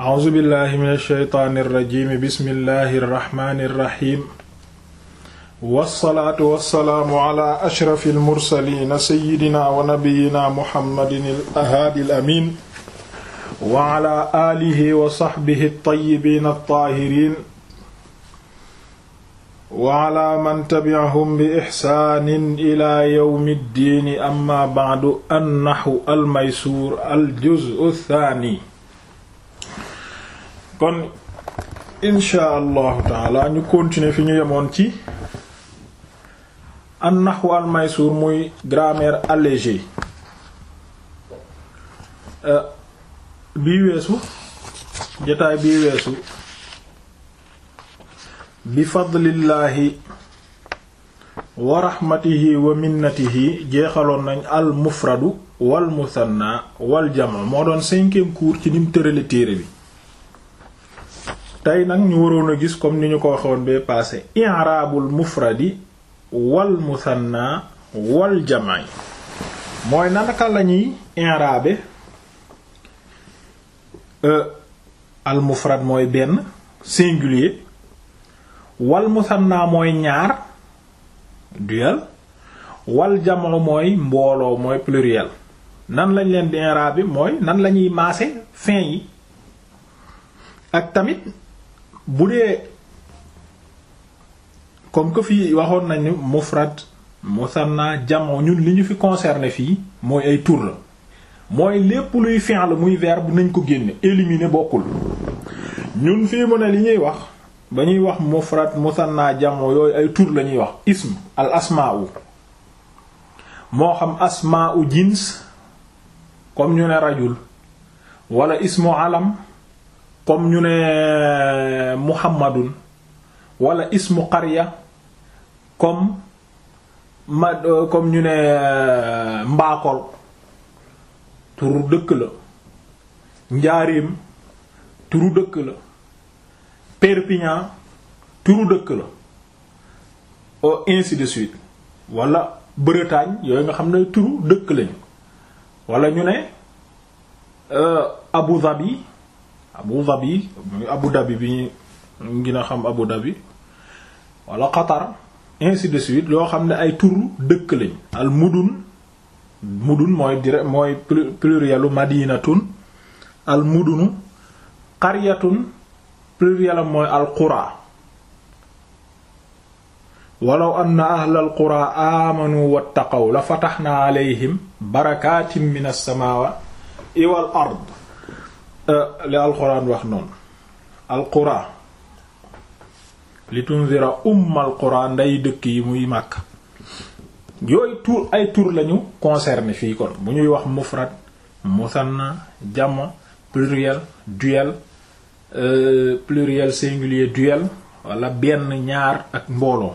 a'uuzu billahi min alsheytaani irrajimi bismillahi irrahmani irrahim wassalaatu wassalaamu ala ashrafi almursalina seyidina wa nabiyina muhammadin alhaadi al amin wa ala aalihi wa saxbihi altayibiin altaahiriin wa ala man tabi'ahum bi ixsaanin ila yawmi ddiini amma ba'du annaxwu almaysuur aljuz'u thaani kon insha allahu taala ñu continuer fi ñu yemoon ci an nahwu al maysur muy grammaire allégée euh, bii weesu jotaay bii weesu bi fadlillaahi wa rahmatihi wa minnatihi jeexaloon nañ al mufradu wal musanna moo doon cinquième cours ci nim tërale téere bi tey nag ñu waroon a gis comme ni ñu ko waxoon bee passé i'raabul mufradi wal musanna wal jamaa mooy nanaka la ñuy i'raabe euh, al mufrad mooy benn singulier wal musanna mooy ñaar duel wal jamaa mooy mbooloo mooy pluriel nan lañ leen di i'raabe mooy nan la ñuy maase fin yi ak tamit bu dee comme que fii waxoon nañu mufrad musanna jamoo ñun li ñu fi concerné fii mooy ay tur la mooy lépp luy fi'l muy verbe nañ ko génne éliminer bokkul ñun fii mu ne li ñuy wax ba ñuy wax mufrad musanna jamoo yooyu ay tur lañuy wax ism al asmaa'u moo xam asmaa'u jins comme ñu ne rajul wala ismu alam comme ñu ne muhammadun wala ismu qarya comme mad euh, comme ñu ne euh, mbaakol turu dëkk la njaareem turu dëkk la Perpignan turu dëkk la o oh, ainsi de suite walla Bretagne yooyu nga xam ne turu dëkk lañu wala ñu ne euh, Abu Dhabi Abu Dhabi muy bi ñu xam Abu Dhabi wala Qatar ainsi de suite yoo xam ne ay tur dëkk lañ al mudun mudun mooy dire mooy plurielu madinatun al mudunu qaryatun pluriel mooy al qura walaw anna ahlal qura amanu wattaqaw la fatahnaa alayhim barakaatin minas samaa'i wal ard li alquran wax noonu alquran li tunzira ummal quran nday dëkk yi muy màkk yooyu tur ay tur lañu concerné fii kon bu ñuy wax mufrad musanna jama pluriel duel euh, pluriel singulier duel walla benn ñaar ak mbooloo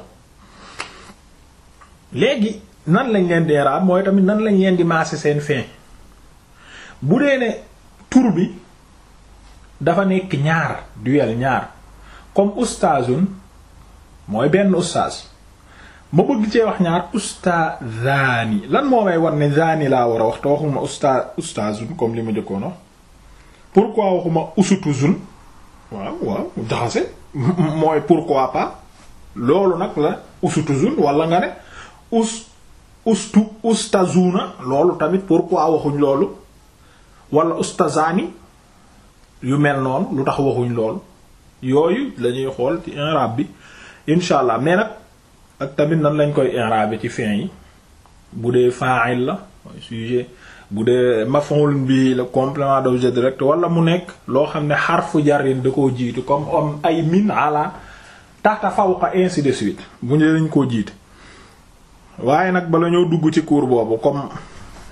léegi nan lañ leen di raab mooy tamit nan lañ leen di maase seen fin bu dee ne tur bi dafa nekk ñaar duel ñaar comme ustaazun mooy benn ustaaz ma bëgg cee wax ñaar ustaazaani lan moo may war ne zaani laa war a wax te waxuma usta ustaazun comme li ma jëkkoon wax pourquoi waxuma usutuzun waaw waaw jaxase mooy pourquoi pas loolu nag la usutuzun wala nga ne us ustu ustazuna loolu tamit pourquoi waxuñ loolu wala ustazaani yu mel noonu lu tax waxuñu lool yooyu lañuy xool ci inrab bi incha allah mais nag ak tamit na lañ koy inrabe ci fin yi bu dee fa'il la mooy bu dee maf'ul bi le complément d'objet direct wala mu nekk loo xam ne fu jarin da koo jiitu comme om ay min ala tahta fawqa ainsi de suite bu ñu lañ koo jiitu waaye nag bala ñoo dugg ci cours boobu comme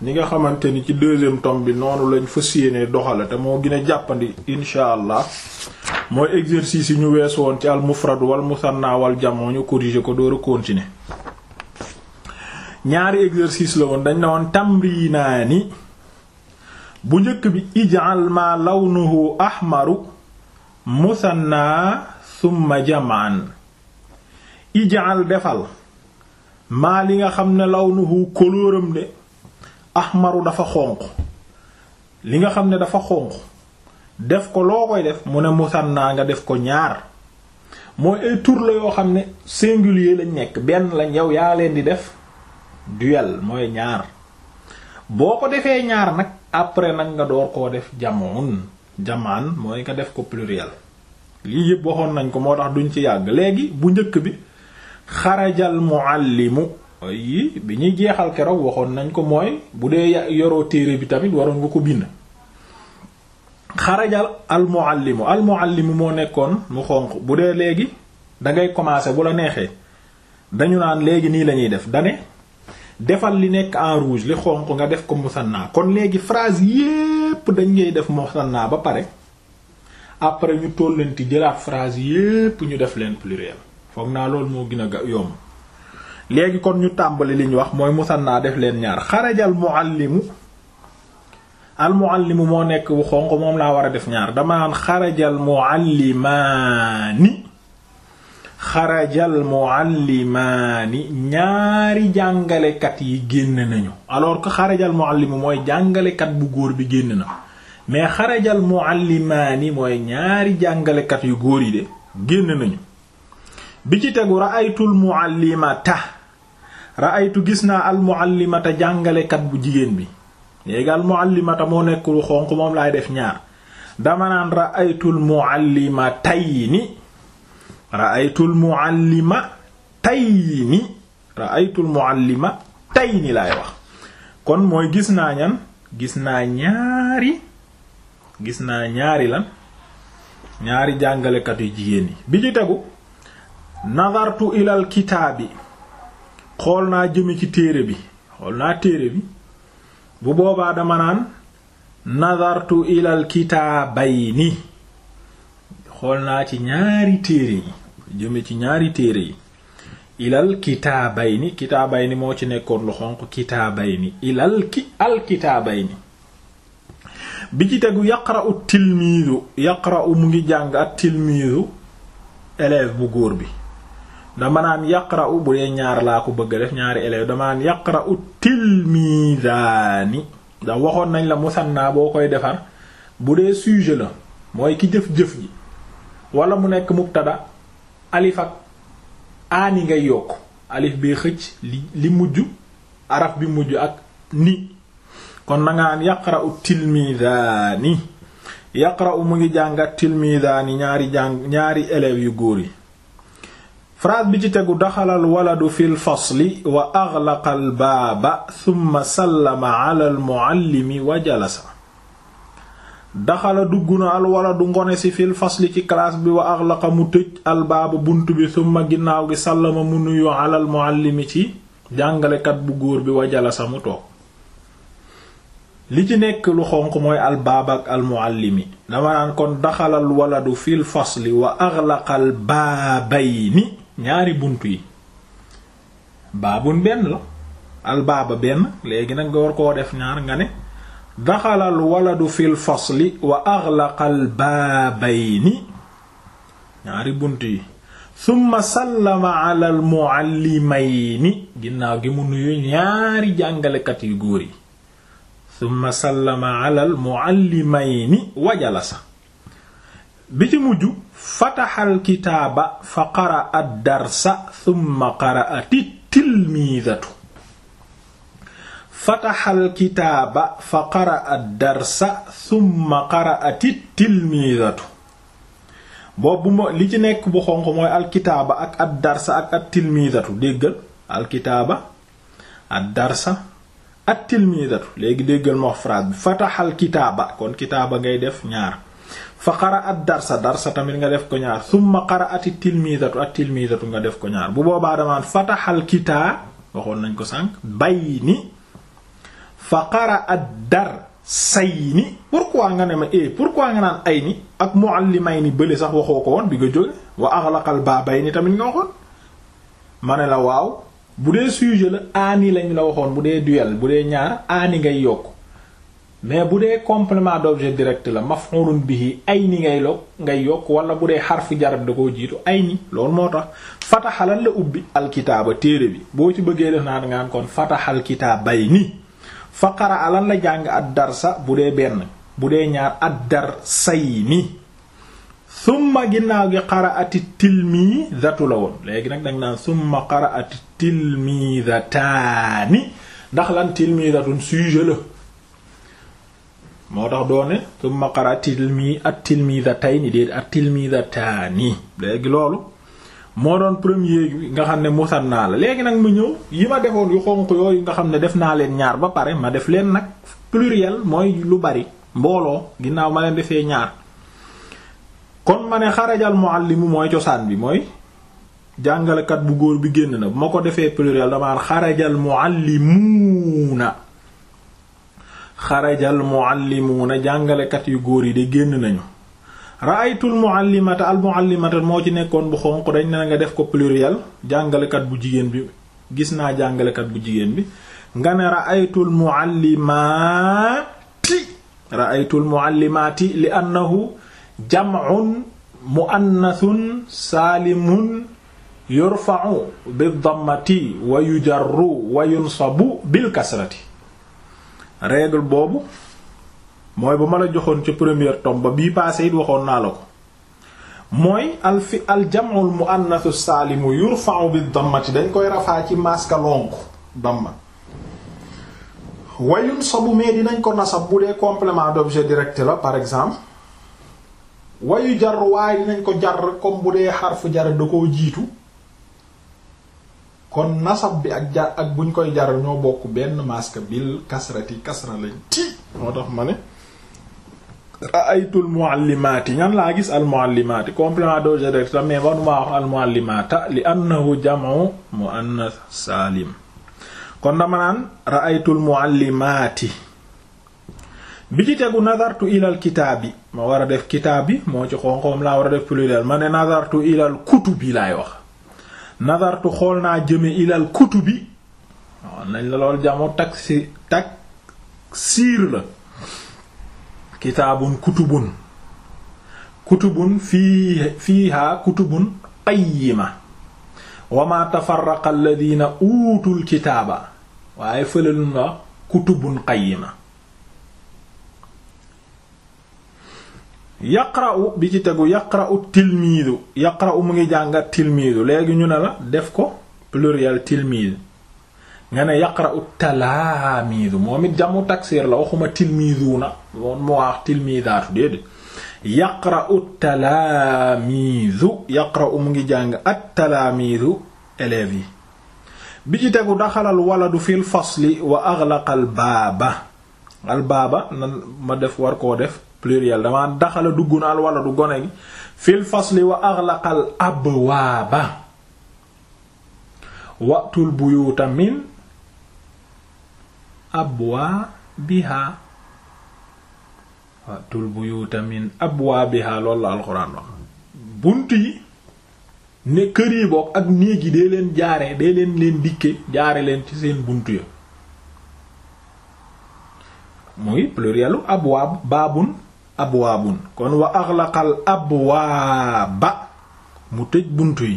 ñi nga xamante ni ci deuxième tome bi noonu lañ fas yéenee te moo gën a jàppandi incha allah mooy exercice yi ñu wees woon ci al mufrad wal musanna wal jamoo ñu corriger ko door a ñaari exercice la woon dañ ne woon tamrinaani bu njëkk bi ij'al ma lawnuhu ahmaru musanna summa jamaan ij'al defal ma li nga xam ne law lawnuhu kolóoram de ahmaru dafa xonq li nga xam ne dafa xonq def ko loo koy def mu ne musanna nga def ko ñaar mooy ay tur yoo xam ne singulier lañ nekk benn lañ yow yaa leen di def duel mooy ñaar boo ko defee ñaar nag après nag nga doo koo def jamoon jamaan mooy nga def ko pluriel lii yëpp waxoon nañ ko moo tax duñ ci yàgg léegi bu njëkk bi xarajal muallimu yii bi ñuy jeexal keroog waxoon nañ ko mooy bu dee yoroo téere bi tamit waroon nga ko bind xarajal almuallimu almuallimu moo nekkoon mu xonq bu dee léegi dangay commencer bu la neexee dañu naan léegi nii lañuy def dane defal li nekk en rouge li xonq nga def ko musanna kon léegi phrase yépp dañ ngay def musanna ba pare après ñu tollanti jëlaat phrase yépp ñu def leen pluriel foog naa loolu moo gën a yomb léegi kon ñu tàmbali li ñu wax mooy naa def leen ñaar xarajal muallimu al muallimu moo nekk bu xonq moom laa war a def ñaar dama naan xarajal muallimaani xarajal muallimaani ñaari jàngalekat yi génn nañu alors que xarajal muallimu mooy jàngalekat bu góor bi génn na mais xarajal muallimaani mooy ñaari jàngalekat yu góor yi de génn nañu bi ci tegu ra'aytul mu'allimata ra'aytu gis naa al mu'allimata jàngalekat bu jigéen bi léegi al mu'allimata moo nekk xonq moom laay def ñaar dama naan ra'aytul mu'allimatayni ra'aytul mu'allimatayni ra'aytul mu'allimatayni laay wax kon mooy gis naa ñan gis naa ñaari gis naa ñaari lan ñaari jàngalekat yu jigéen yi bi ci tegu nazartu ilal kitaabi xool naa jëmmi ci téere bi xool naa téere bi bu boobaa dama naan nazartu ilal kitaabayni xool naa ci ñaari téere yi jëme ci ñaari téere yi ilal kitaabayni kitaabayni moo ci nekkoon lu xonq kitaabayni ilal ki al kitaabayni bi ci tegu yaqra'u tilmiidu yaqra'u mu ngi jàng at tilmiidu élève bu góor bi dama naan yaqra'u bu dee ñaar laa ko bëgg def ñaari élève dama naan yaqra'u tilmizaani da waxoon nañ la musanna boo koy defar bu dee sujet la mooy ki jëf-jëf ji wala mu nekk mubtada alif ak aani ngay yokk alif bi xëcc li li mujj araf bi mujj ak ni kon nangaan yaqra'u tilmizaani yaqra'u mu ngi jàng at tilmizaani ñaari jàng ñaari élèves yu góor yi phrase bi ci tegu daxalal waladu fil fasli wa aghlaqa baaba thumma sallama ala al wa jalasa daxala dugg na al waladu ngone si fil fasli ci classe bi wa aghlaqa mu tëj al baaba bunt bi thumma ginnaaw gi sallama mu nuyu ala al ci jàngalekat bu góor bi wa jalasa mu toog li ci nekk lu xonq mooy al baaba al muallimi dama naan kon daxalal waladu fil fasli wa aghlaqa baabayni ñaari bunt yi baabun benn la albaaba benn léegi nag nga war koo def ñaar nga ne daxalal al waladu fil fasli wa aghlaqa al baabayni ñaari bunt yi summa sallama ala al muallimayni ginnaaw gi mu nuyu ñaari jàngalekat yu góor yi summa sallama ala al wajalasa bi ci mujj fataxal kitaaba fa qaraa darsa thumma qaraati darsa li ci nekk bu xonq mooy alkitaaba ak ad darsa ak at tilmiidatu déggal alkitaaba ad darsa at tilmiidatu léegi déggal ma fataxal kitaaba kon kitaaba ngay def ñaar fa sa dar sa tamit nga def ko ñaar summa qara'at tilmizatu ak tilmizatu nga def ko ñaar bu boobaa damaan fataxal kitaa waxoon nañ ko sànq bayni fa qara'at darsayni pourquoi nga ne ma pour eh, pourquoi nga naan ay ni ak muallimayni bële sax waxoo ko woon bi nga jóge wa aghlaqal ni tamit nga waxoon ma ne la waaw bu dee sujet la aani lañ la waxoon bu dee duel bu dee ñaar aani ngay yokk mais bu dee complement d'objet direct la maf'ulun bihi ay ni ngay log ngay yokk wala bu dee xarfu jarab da koo jiitu ay ni lool moo tax fataxa la ubbi alkitaaba téere bi boo ci bëggee def naa dangaan kon fataxal kitaabay ni fa qaraa lan la jàng ad darsa bu dee benn bu dee ñaar ad darsay ni summa ginnaaw gi qaraati tilmiizatu la woon léegi nag danga naan summa qaraati tilmiizataani ndax lan tilmiizatun sujet la moo tax doo ne tumma qara tilmi at-tilmizatayni déet at-tilmizatani léegi loolu moo doon premier bi nga xam ne naa la léegi nag mu ñëw yi ma defoon yu xonq yooyu nga xam ne def naa leen ñaar ba pare ma def leen nag pluriel mooy lu bari mbooloo ginnaaw ma leen defee ñaar kon ma ne xarajal muallimu mooy cosaan bi mooy jàngalekat bu góor bi génn na bu ma ko defee pluriel dama xarajal muallimuuna xarajal muallimuuna jàngalekat yu góor yi de génn nañu raaytul muallimata al muallimata moo ci nekkoon bu xonq dañ ne nga def ko pluriel jàngalekat bu jigéen bi gis naa jàngalekat bu jigéen bi nga ne raaytul muallimaati raaytul muallimaati li annahu jam'un muannathun saalimun yurfa'u bid dammati wa yujarru wa yunsabu bil kasrati règle boobu mooy ba ma la joxoon ca première tome ba bii passé it waxoon naa la ko mooy al fi al jam'ul muannath saalimu yurfa'u bi dammati dañ koy rafaa ci maska lonku damma wayun sabu mais dinañ ko nasab bu dee complément d'objet direct la par exemple wayu jar waaye dinañ ko jar comme bu dee xarfu jar da koo jiitu kon nasab bi ak jar ak buñ koy jaral bokk benn masque bil kasrati kasra lañ ti moo tax ma ne ra'aytul muallimaati ñan laa gis al muallimaati complément d'objet tam mais manuma wax al muallimata li annahu jam'u muannas bi ci ma war a def kitaab bi moo ci xonxoom laa war a def pluriel ma ne nazartu ilal kutubi laay wax nazartu xool naa jëme ilal kutubi waaw nañ la lool jamo taksi tak siir la kitaabun kutubun kutubun fii fiihaa kutubun qayyima wa ma tafarraqa alladhina utul kitaaba waaye fëlalun la kutubun qayyima yaqra'u bi ci tegu yaqra'u tilmiidu yaqra'u mu ngi jàng tilmiidu léegi ñu ne la def ko pluriel tilmiid nga ne yaqra'u talaamiidu moom it jamu taksiir la waxuma na moom moo wax tilmiidaatu déedéet yaqra'u talaamiidu yaqra'u mu ngi jàng at talaamiidu élèves yi bi ci tegu daxalal waladu fil fasli wa aghlaqa al baaba al baaba ma def war koo def pluriel dama daxala dugg na al wala du gone gi fil fasli wa aghlaqal abwaaba watul buyuuta min abwaabiha watul buyuuta min abwaabiha loolu la alxuraan wax bunt yi ne kër yi bokk ak néeg yi dee leen jaare dee leen leen dikke jaare leen ci seen bunt ya muy plurielu abwaab baabun abwaabun kon wa axlaqal abwaaba mu tëj bunt yi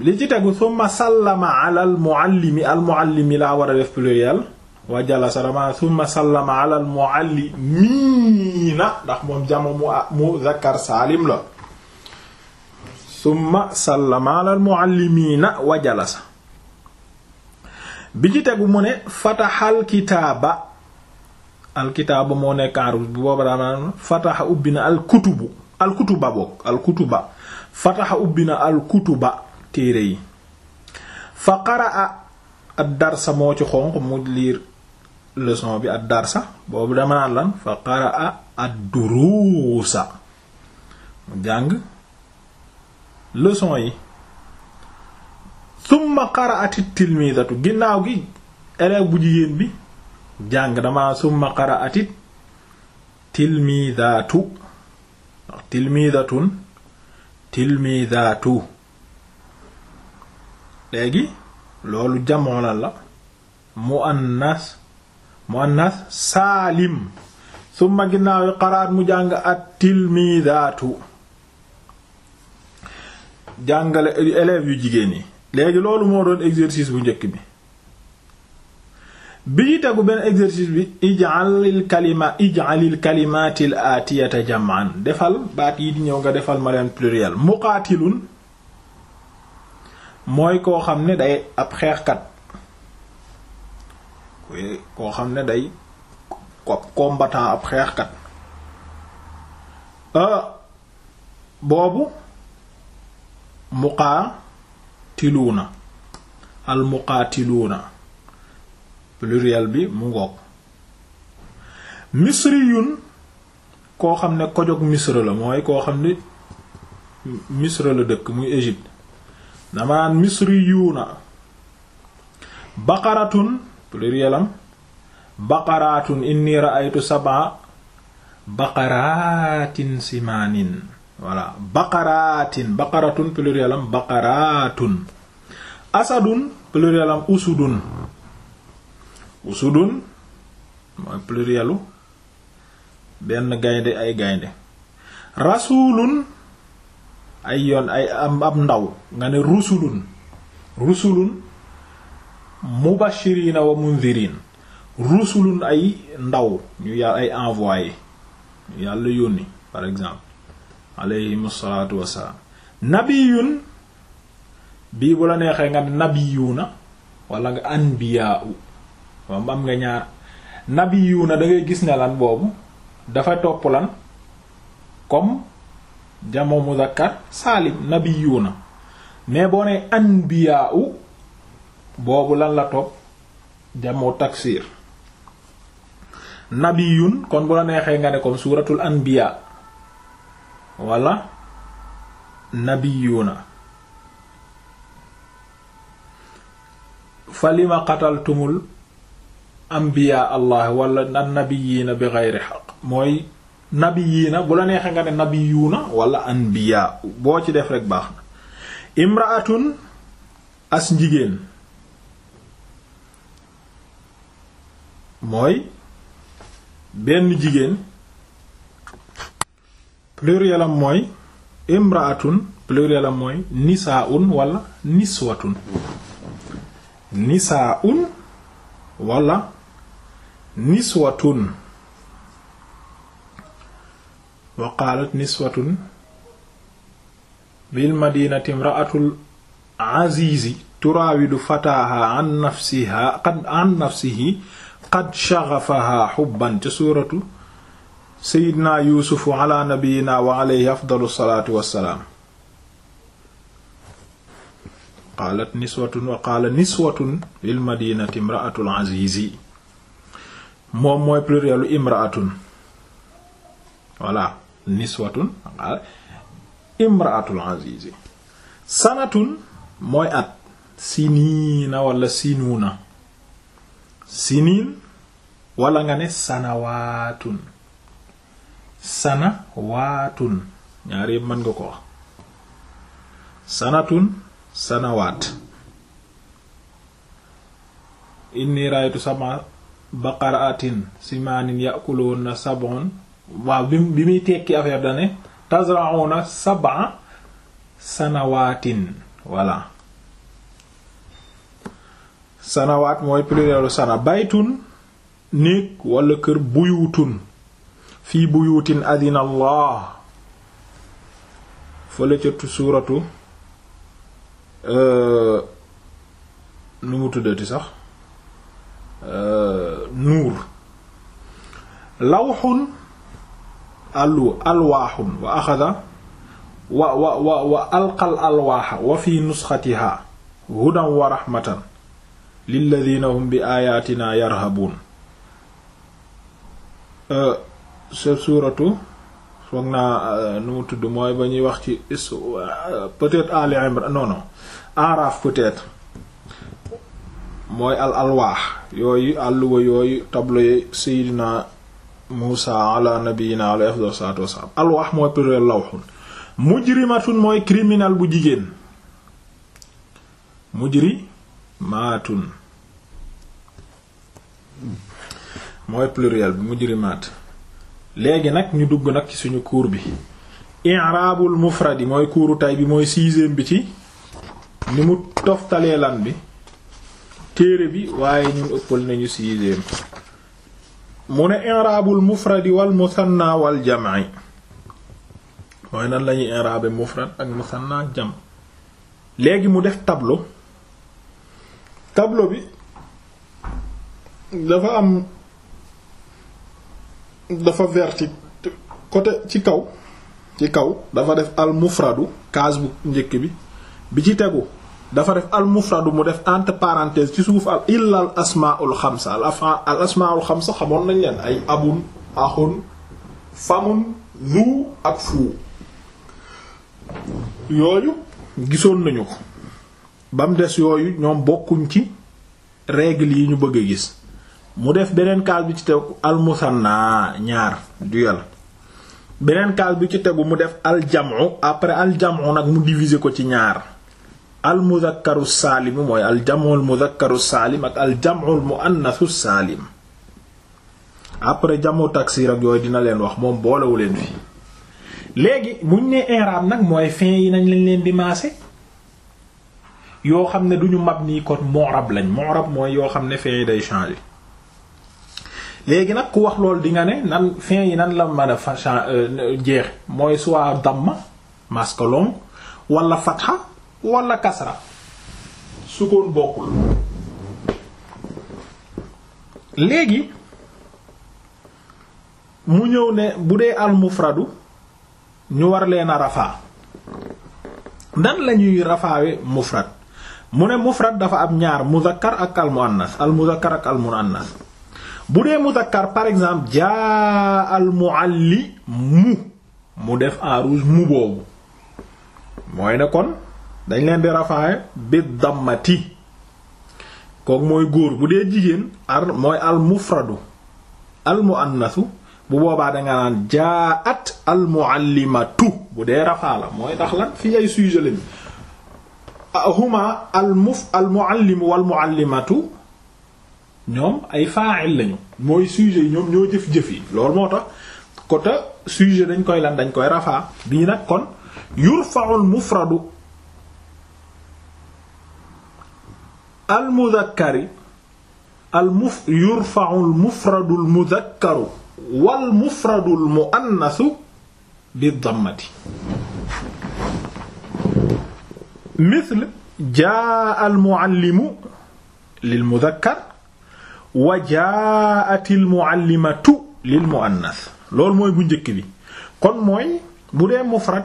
li ci tegu summa sallama ala al muallimi al muallimi laa war a def pluriel wa jalasa dama summa sallama ala al muallimiina ndax moom jamo mu mu saalim la summa sallama ala al muallimiina wa jalasa bi ci tegu mu ne fataxal kitaaba alkitaaba moo nekk en rouge bu booba daan fataxa ubbi na alkutubu alkutuba boog alkutuba fataxa ubbi na alkutuba téere yi fa qaraa ad darsa moo ci xonq mu liir leson bi ak darsa boobu dama naan lan fa qaraa ad duruusa jàng leçon yi summa qaraati tilmiidatu ginnaaw gi élève bu jigéen bi jàng dama summa qara'atit tilmidaatu ndax tilmidaatu léegi loolu jamoo la la muannas muannas saalim summa ginnaaw qaraat mu jàng at tilmidaatu jàngale élèves yu jigéen yi léegi loolu moo doon exercice bu njëkk bi bi tagu tegu benn exercice bi ij'alil kalima ij'alil atiyata jam'an defal baat yi di ñëw nga defal ma leen pluriel muqaatilun mooy koo xam ne day ab xeexkat koo xam ne day combattant ab xeexkat euh, boobu muqaatiluuna al muqaatiluuna pluriel bi mu ngoog misriyun koo xam ne kojog misra la mooy koo xam ne misra la dëkk muy Égypte dama naan misriyuuna baqaratun pluriel am baqaratun inni ra'aytu sab'a baqaratin simaanin voilà baqaratin baqaratun pluriel am asadun pluriel usudun usudun mooy plurielu benn gaynde ay gaynde rasulun ay yoon ay ab ndaw nga ne rusulun rusulun mubashirina wa mundirin rusulun ay ndaw ñu yàlla ay envoyé yàlla yónni par exemple alayhim salaatu wassalaam nabiyun bii bu la neexee nga nabiyuna wala nga anbiyaa'u moom am nga ñaar nabiyuuna da gis ne lan boobu dafa topp lan comme jamo muzakkar saalim nabiyuuna mais boo ne anbiyaa boobu lan la topp jamo taksir nabiyun kon bu la neexee nga ne comme suuratul anbiyaa wala nabiyuuna falima qataltumul anbiyaa allah wala annabiyiina bi geyri xaq mooy nabiyiina bu la neexee nga ne nabiyuuna wala anbiyaa boo ci def rek baax na imraatun as njigéen mooy benn jigéen pluriel am mooy imraatun pluriel am mooy nisaa'un wala niswatun nisaa'un niswatun wa qaalat niswatun bil madinati imra'atul azizi turaawidu fataaha an nafsiha qad an nafsihi qad shaghafaha hubban ca suuratu seydina yuusufu ala nabiyina wa alayhi afdalu salaatu wassalaam qaalat niswatun wa qaala niswatun bil madinati imra'atul azizi moom mooy plurielu imraatun voilà niswatun imraatul azizi sanatun mooy at siniina wala sinuuna siniin wala nga ne sanawaatun sanawaatun ñaar yëpp mën nga ko wax sanatun sanawaat inni raaytu sama baqaratin simaanin ya'kuluuna sab'un waaw bi bi muy tekki affaire dane tazra'una sab'a sanawaatin voilà sanawaat mooy plurielu sana baytun néeg wala kër buyutun fii buyutin adina allah fële suuratu euh, nu mu tuddati sax Euh, nuur lawxun allu alwaaxun wa axada wa wa wa wa alqal alwaaxa wa fi nusxatihaa hudan wa raxmatan lilladina hum bi aayaatina yarhabuun euh, sa suuratu foog naa euh, nu mu tudd mooy ba ñuy wax ci peut-être Ali Imran non non Araf peut-être mooy al alwaax yooyu àlluwa yooyu tableau Seydina Muusa ala nabiyina ala afdal salaatu wasalaam mooy pluriel lawxun mujrimatun mooy criminel bu jigéen mujrimatun mooy pluriel bi mujrimaat léegi nag ñu dugg nag ci suñu cours bi i'rabul mufradi mooy kuuru tay bi mooy sixième bi ci ni mu toftalee lan bi téere bi waaye ñun ëppal nañu sixième mu ne i'raabul mufradi wal musanna wal jam'i mooy nan lañuy i'raabe mufrad ak musanna ak jam léegi mu def tablo tablo bi dafa am dafa verti côté ci kaw ci kaw dafa def al mufradu case bu njëkk bi bi ci tegu dafa def al mufradu mu def entre parenthèse ci suuf al illa al asmaul xamsa al asmaul xamsa xamoon nañ leen ay abun axun famun zu ak fu yooyu gisoon nañu ko ba mu des yooyu ñoom bokkuñ ci règle yi ñu bëgg a gis mu def beneen kaas bi ci tegu almusanna ñaar duel beneen kaas bi ci tegu mu def aljamu après aljamu nag mu divise ko ci ñaar al mudakkaru saalimu mooy al jam'ul mudakkaru saalim ak al jam'ul muannasu saalim après jamu taksir ak yooyu dina leen wax moom boolewu leen fii léegi buñ ne i'rab nag mooy fin yi nañ lañ leen di maase yoo xam ne duñu mab nii kon mu'rab lañ mu'rab mooy yoo xam ne fin yi day changer léegi nag ku wax loolu dinga ne nan fin yi nan la mën a fa euh, jeex mooy soit damma masque long wala fatha wala kasra sukoon bokkul léegi mu ñëw ne bu dee al mufradu ñu war leen a rafaa nan la ñuy rafaawe mufrad mu ne mufrad dafa am ñaar muzakkar ak al muannas ak al bu dee muzakkar par exemple jaa al muallimu mu def en rouge mu boobu mooy ne kon dañ leen di rafaa bi dammati kooku mooy góor bu dee jigéen ar mooy al mufradu al muannasu bu boobaa danga naan jaat al muallimatu bu dee rafaa la mooy ndax lan fii ay sujet lañu huma al muf al muallimu wal ñoom ay fa'il lañu mooy sujet yi ñoom ñoo jëf-jëf yi loolu moo tax côté sujet dañ koy lan dañ koy rafaa bii nag kon yurfa'u al mufradu al mudakkari al muf yurfa'u al mufradu al mudakkaru wal mufradu al muannasu bi dammati mithl jaa al muallimu lil mudakkar wa jaa'at al muallimatu lil muannas loolu mooy bu njëkk bi kon mooy bu dee mufrad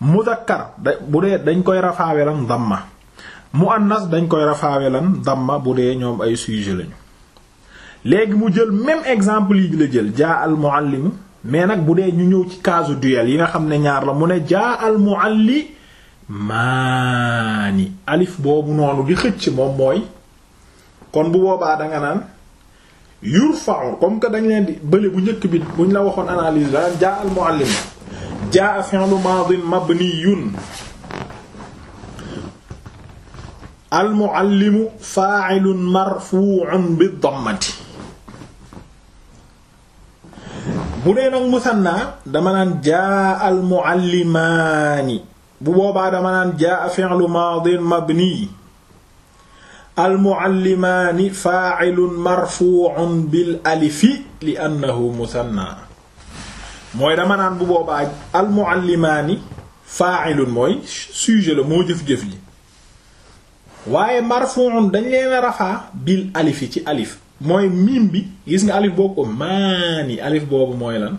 mudakkar bu dee dañ koy rafaawe lan damma mu muannas dañ koy rafaawe lan damma bu dee ñoom ay sujet lañu léegi mu jël même exemple yi la jël jaa al muallimu mais nag bu dee ñu ñëw ci casu duel yi nga xam ne ñaar la mu ne jaa al mualli maani alif boobu noonu di xëcc moom mooy kon bu boobaa danga naan yurfa'u comme que dañ leen di bële bu njëkk bi buñ la waxoon analise daan jaa al muallim jaa fi'lu maadin mabniyun almuallimu faa'ilun marfu'un bi dammati bu dee nag musanna dama naan jaa almuallimaani bu boobaa dama naan jaa fi'lu maadin mabni almuallimaani mooy dama naan bu booba almuallimaani faa'ilun mooy sujet la moo jëf-jëf waaye marfu'un dañ leen a rafaa bil alifi ci alif mooy miim bi gis nga alif boobu ko maani alif boobu mooy lan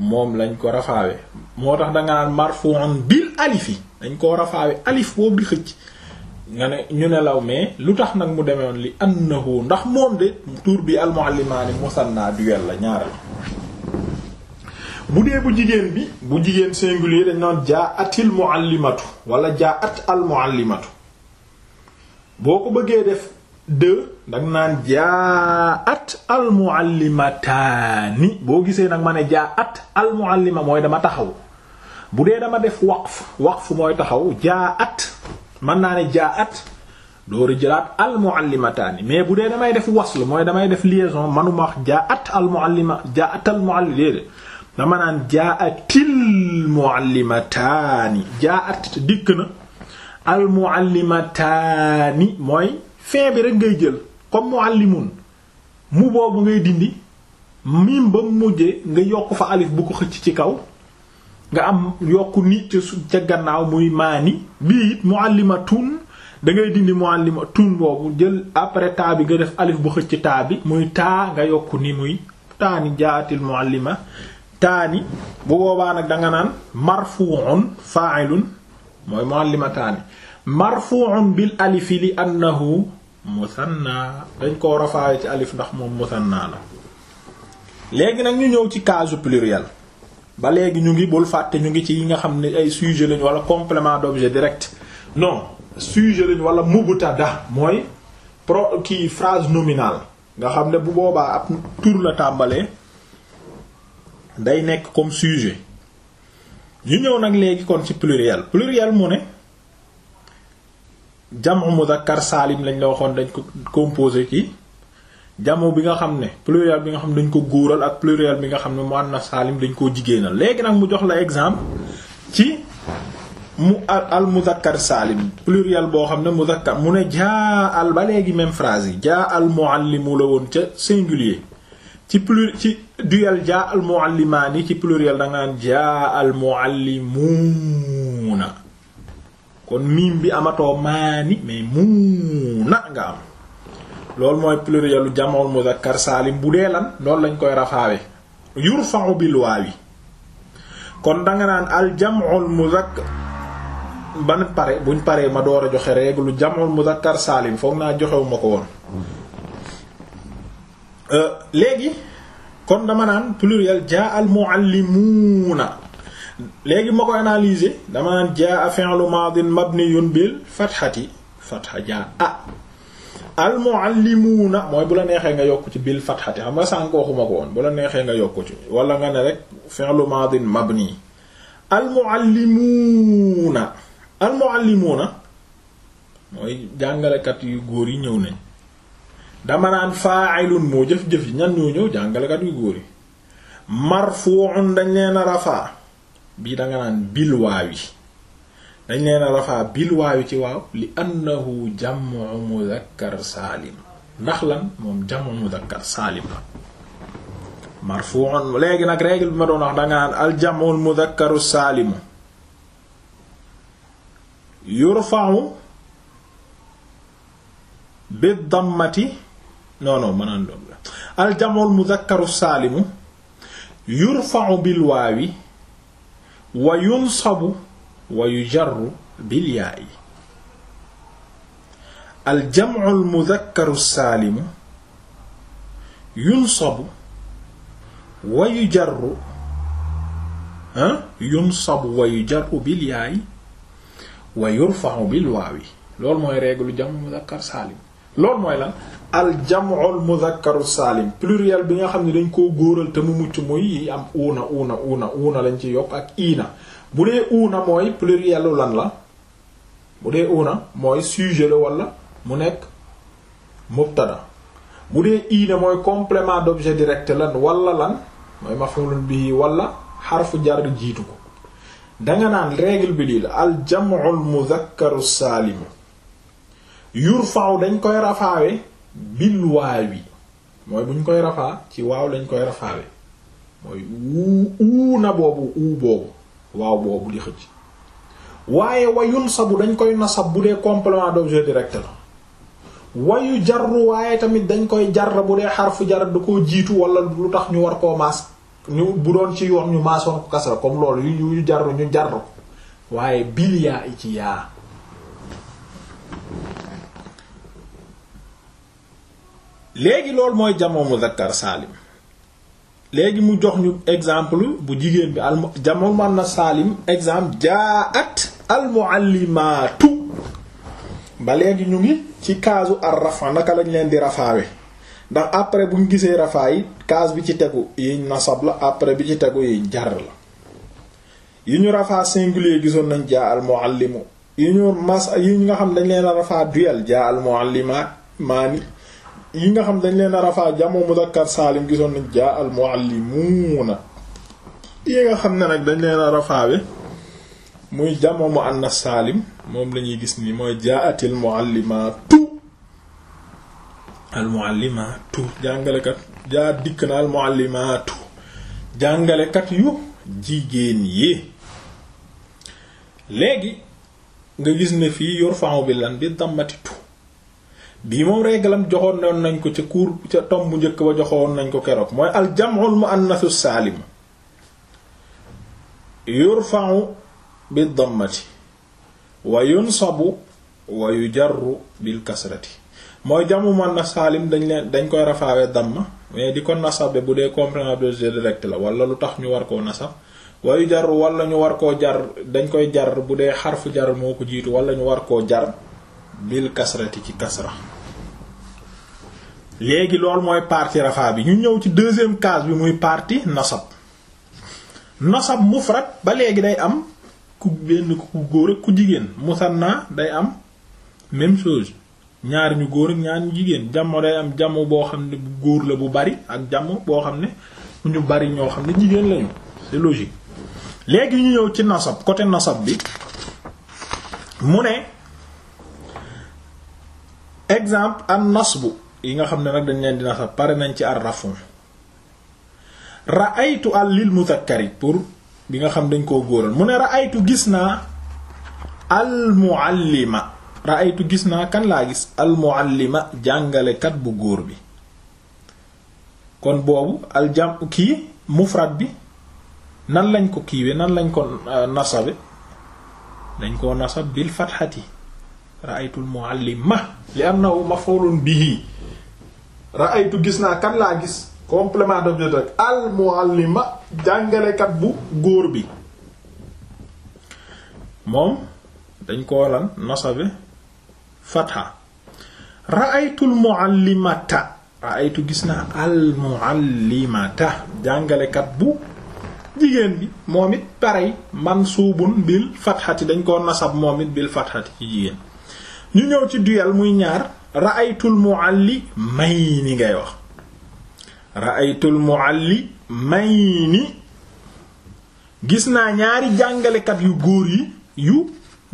moom lañ ko rafaawe moo tax danga naan marfu'un bil alifi dañ koo rafaawe alif boobu di xëcc nga ne ñu ne law mais lu tax nag mu demewoon li annahu ndax moom de tur bi almuallimaani musanna duel la ñaar bu dee bu jigéen bi bu jigéen singulier dañ naan jaa atil muallimatu wala jaa at al boo ko bëggee def deux dag naan jaa at almuallimataani boo gisee nag ma ne jaa at almuallima mooy dama taxaw bu dee dama def waqf waqf mooy taxaw jaa at mën naa ne jaa at dooru jëlaat almuallimataani mais bu dee damay def wasl mooy damay def liaison manuma wax jaa at almuallima jaa at almuallim déedéet dama naan jaa atil muallimataani dikk na al muallimataani mooy fin bi rek ngay jël comme muallimun mu boobu ngay dindi miim ba mujjee nga yokk fa alif bu ko xëcc ci kaw nga am yokk nit ca gannaaw muy maani bii it muallimatun dangay ngay dindi muallimatun boobu jël après taa bi nga def alif bu xëcc taa bi muy taa nga yokk ni muy taani jaatil muallima taani bu boobaa nag danga naan marfu'un fa'ilun mooy muallimataani marfu'un bil alif li annahu musanna dañ koo rafaawe ci alif ndax moom musanna la léegi nag ñu ñëw ci casu pluriel ba léegi ñu ngi bul fàtte ñu ngi ci yi nga xam ne ay sujet lañ wala complément d'objet direct non sujet lañ wala mubtada mooy pro kii phrase nominale nga xam ne bu boobaa ab tur la tàmbalee day nekk comme sujet yu ñëw nag léegi kon ci pluriel pluriel mu ne jamu muzakkar saalim lañ la waxoon dañ ko composé kii jamu bi nga xam ne pluriel bi nga xam ne dañ ko góoral ak pluriel bi nga xam ne muannas saalim dañ koo jigéenal léegi nag mu jox la exemple ci mu al muzakkar saalim pluriel boo xam ne muzakkar mu ne jaa al ba léegi même phrase yi jaa al muallimu la woon ca singulier ci plu ci duel jaa al muallimaani ci pluriel danga naan jaa al kon miim bi amatoo maani mais muuna nga am loolu mooy plurielu jamool muzakkar saalim bu dee lan loolu lañ koy rafaawe yurfa'u bil waawi kon danga naan al jam'ul muzakkar ban pare buñ paree ma door a joxe règle jam muzakkar saalim foog naa joxewuma ko woon Euh, léegi kon dama naan pluriel jaa al muallimuuna léegi ma koy analyser dama naan jaa fi'lu maadin mabniyun bil fatxati fatxa jaa ah al muallimuuna mooy bu la neexee nga yokk ci bil fatxati xam nga sànq waxuma ko woon bu la neexee nga yokk ci wala nga ne rek fi'lu maadin mabni al muallimuuna mooy jàngalekat yu góor yi ñëw nañ dama naan fa'ilun moo jëf-jëf ji ñan ñoo ñëw jàngalekat yu góor yi dañ leen rafaa bii da nga naan bil waawi dañ leen a rafaa bil waawi ci waaw li annahu jam'u mudhakkar saalim ndax lan moom jam'u mudhakkar saalim la marfu'un léegi nag règle bi ma doon wax da nga naan al jam'u al mudhakkaru saalimu yurfa'u non non mënaan doom la aljamool mudakkaru saalimu yurfa'u bil waawi wa yunsabu wa yujarru bil yaa'i aljamool mudakkaru saalimu yunsabu wa yujarru ha yunsabu wa yujarru bil yaa'i wa yurfa'u bil waawi loolu mooy règle jamool mudakkar saalim loolu mooy lan al jam'ul mudhakkaru saalim pluriel bi nga xam ne dañ koo góoral te mu mucc muy am uuna una uuna uuna lañ ci yokk ak iina bu dee uuna mooy plurielu lan la bu dee uuna mooy sujet la wala mu nekk mubtada bu dee ina mooy complément d'objet direct lan walla lan mooy maf'ulun bi walla xarfu jar jiitu ko danga naan règle bi lii la al jam'ul mudhakkaru saalim yurfaaw dañ koy rafaawe bil waawi mooy buñ koy rafaa ci waaw lañ koy rafaawe mooy uu uu na boobu uu boobu waaw boobu di xëcc waaye wayun sabu dañ koy nasab bu dee complément d'objet direct la wayu jarru waaye tamit dañ koy jar bu dee xarfu jar da koo jiitu wala lu tax ñu war koo maas ñu bu doon ci yoon ñu maasoon ko kasra comme loolu yu yu jarru ñu jarru waaye bil yaa i yaa léegi loolu mooy jamoo muzakkar saalim léegi mu jox ñu exemple bu jigéen bi al jamoo muannas saalim exemple jaat al muallimaatu ba léegi ñu ngi ci casu ar naka lañ leen di rafaawe ndax après bu ñu gisee rafaa yi kaas bi ci tegu yi nasab la après bi ci tegu yi jar la yi ñu rafaa singulier gisoon nañ jaa al muallimu yi ñu mas yi ñu nga xam dañ leen rafaa duyal jaa al muallima maani yi nga xam dañ leen a rafaa jamu muzakkar saalim gisoon nañ jaa al muallimuuna yi nga xam ne nag dañ leen a rafaawe muy jamu muannas saalim moom lañuy gis ni mooy jaatil muallimaatu al muallimaatu jàngalekat jaa dikk na al muallimaatu jàngalekat yu jigéen yi léegi nga gis ne fii yurfa'u bi lan bi dammatitu bii moom réglam joxoon noon nañ ko ca cours ca tomb njëkk ba joxoon nañ ko keroog mooy al jam'ul muannath saalim yurfa'u bi dammati wa yunsabu wa yujarru bil kasrati mooy jamu na saalim dañ leen dañ koy rafaawe damma mais di ko nasabe bu dee complément d'objet direct la wala lu tax ñu war koo nasab wa yujarru wala ñu war koo jar dañ koy jar bu dee xarfu jar moo ko jiitu wala ñu war koo jar bil kasrati ci kasra léegi loolu mooy partie rafaa bi ñu ñëw ci deuxième case bi muy partie nasab nasab mufrad ba léegi day am ku benn ku góor ak ku jigéen musanna day am même chose ñaar ñu góor ak ñaar ñu jigéen jamo day am jamo boo xam ne góor la bu bari ak jàmm boo xam ne bu ñu bari ñoo xam ne jigéen lañu c'est logique léegi ñu ñëw ci nasab côté nasab bi mu ne exemple an nasbu yi nga xam ne nag dañ leen di sax pare nañ ci ar rafu ra'aytu al lil muzakkari pour bi nga xam dañ koo góoral mu ne ra'aytu gis naa al muallima ra'aytu gis naa kan laa gis al muallima jàngalekat bu góor bi kon boobu al jam kii mufrad bi nan lañ ko kiiwe nan lañ ko euh, nasabe dañ koo nasab bil fatxati ra'aytu al-mu'allima li annahu maf'ulun gis naa kan laa gis complément d'objet jàngalekat bu góor bi moom dañ ko lan jigéen bi moom it parey mansuubun bil fatxati dañ ko nasab moom it bil fatxati ci jigéen ñu ñëw ci duyal muy ñaar ra'aytul mu'alli may ni ngay wax ra'aytul mu'alli may ni gis naa ñaari jàngalekat yu góor yi yu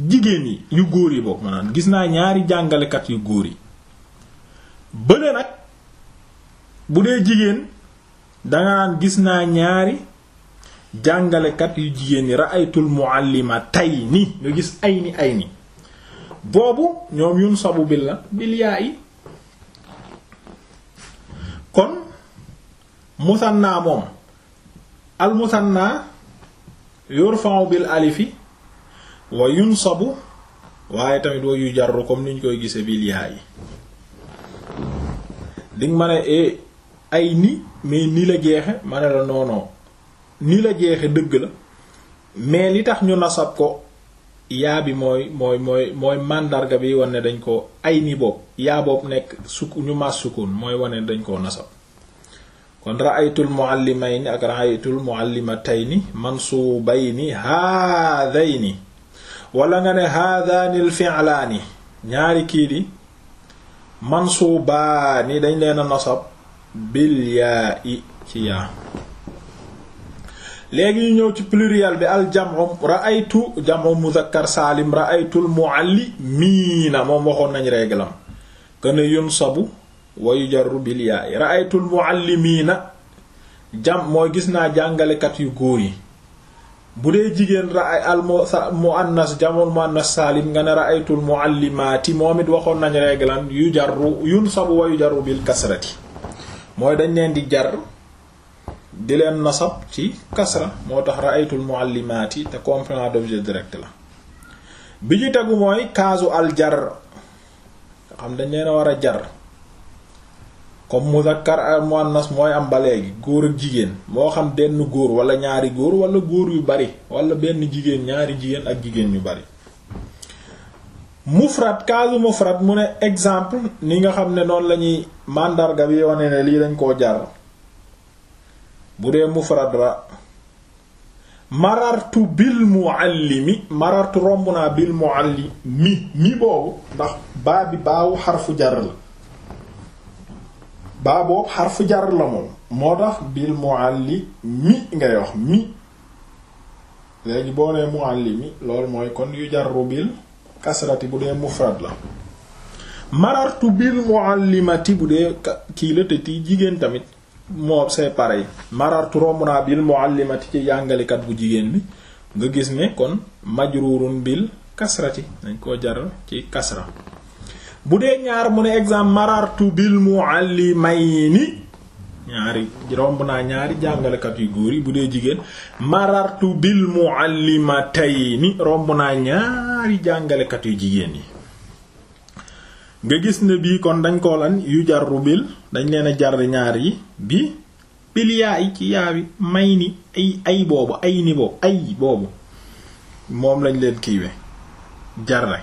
jigéen yi yu góor yi boobu maanaam gis naa ñaari jàngalekat yu góor yi bële nag bu dee jigéen danga gis naa ñaari jàngalekat yu jigéen yi ra'aytul mu'allima tay ni nga gis ay ni ay ni boobu ñoom yun sabu bil la bil yaa yi kon musanna moom al musanna yurfa'u bil alifi wa yunsabu waaye tamit wa yu jarru comme niñ koy gisee bil yaa yi diŋ ma ne e ay ni mais ni la jeexe ma ne la noonoo ni la jeexe dëgg la mais li tax ñu nasab ko yaa bi mooy mooy mooy màndarga bi wane dañ ko ay ni boobu yaa boobu nekk sukk ñu maas sukkoon mooy wane dañ koo nasab kon ra'aytul muallimayni ak ra'aytul muallimatayni mansuubayni haadayni wala nga ne haadaanil fi'laani ñaari kii di mansuubaani dañ leen a nasab bil yaa i ci yaa léegi ñu ñëw ci plurial bi al jam'u ra'aytu jam'u muzakkar saalim ra'aytul mu'allimiina moom waxoon nañ réglam kana yunsabu wa yujarru bil yaa'i ra'aytul mu'allimiina jam mooy gis naa jàngalekat yu góor yi bu dee jigéen ra'ay al muannas jamul muannas saalim nga ne ra'aytul muallimaati moom it waxoon nañ réglan yujarru yunsabu wa yujarru bil kasrati mooy dañ leen di jar di leen nasab ci kasra moo tax ra'aytul muallimaati te complément d'objet direct la bi ñu tegu mooy kaasu aljar nga xam dañ leen a war a jar comme muzakkar al muannas mooy am ba léegi góor ak jigéen moo xam benn góor wala ñaari góor wala góor yu bari wala benn jigéen ñaari jigéen ak jigéen yu bari mufrad kaasu mufrad mu ne exemple ni nga xam ne noonu lañuy ñuy màndarga bi wane ne lii dañ koo jar bu dee mufrad la marartu bil muallimi marartu romb naa bil muallimi mi mi boobu ndax baa bi baawu xarfu jar la baa boobu xarfu jar la moom moo tax bil muallimi ngay wax mi léegi boo nee muallimi loolu mooy kon yu jarru bil kasrati bu dee mufrad la marartu bil muallimati bu dee kii la jigéen tamit moo c'est pareil marartu romb naa bil muallimati ci jàngalekat bu jigéen bi nga gis ne kon majrurun bil kasrati dañ koo jar ci kasra bu dee ñaar mu ne exemple marartu bil muallimayni ñaari romb naa ñaari jàngalekat yu góor yi bu dee jigéen marartu bil muallimatayni romb naa ñaari jàngalekat yu jigéen yi nga gis ne bii kon dañ koo lan yu jaru bil dañ leen a jar yi bi bil yaa yi ci yaa bi may ni ay ay boobu ay ni boobu ay boobu moom lañ leen kiiwe jarre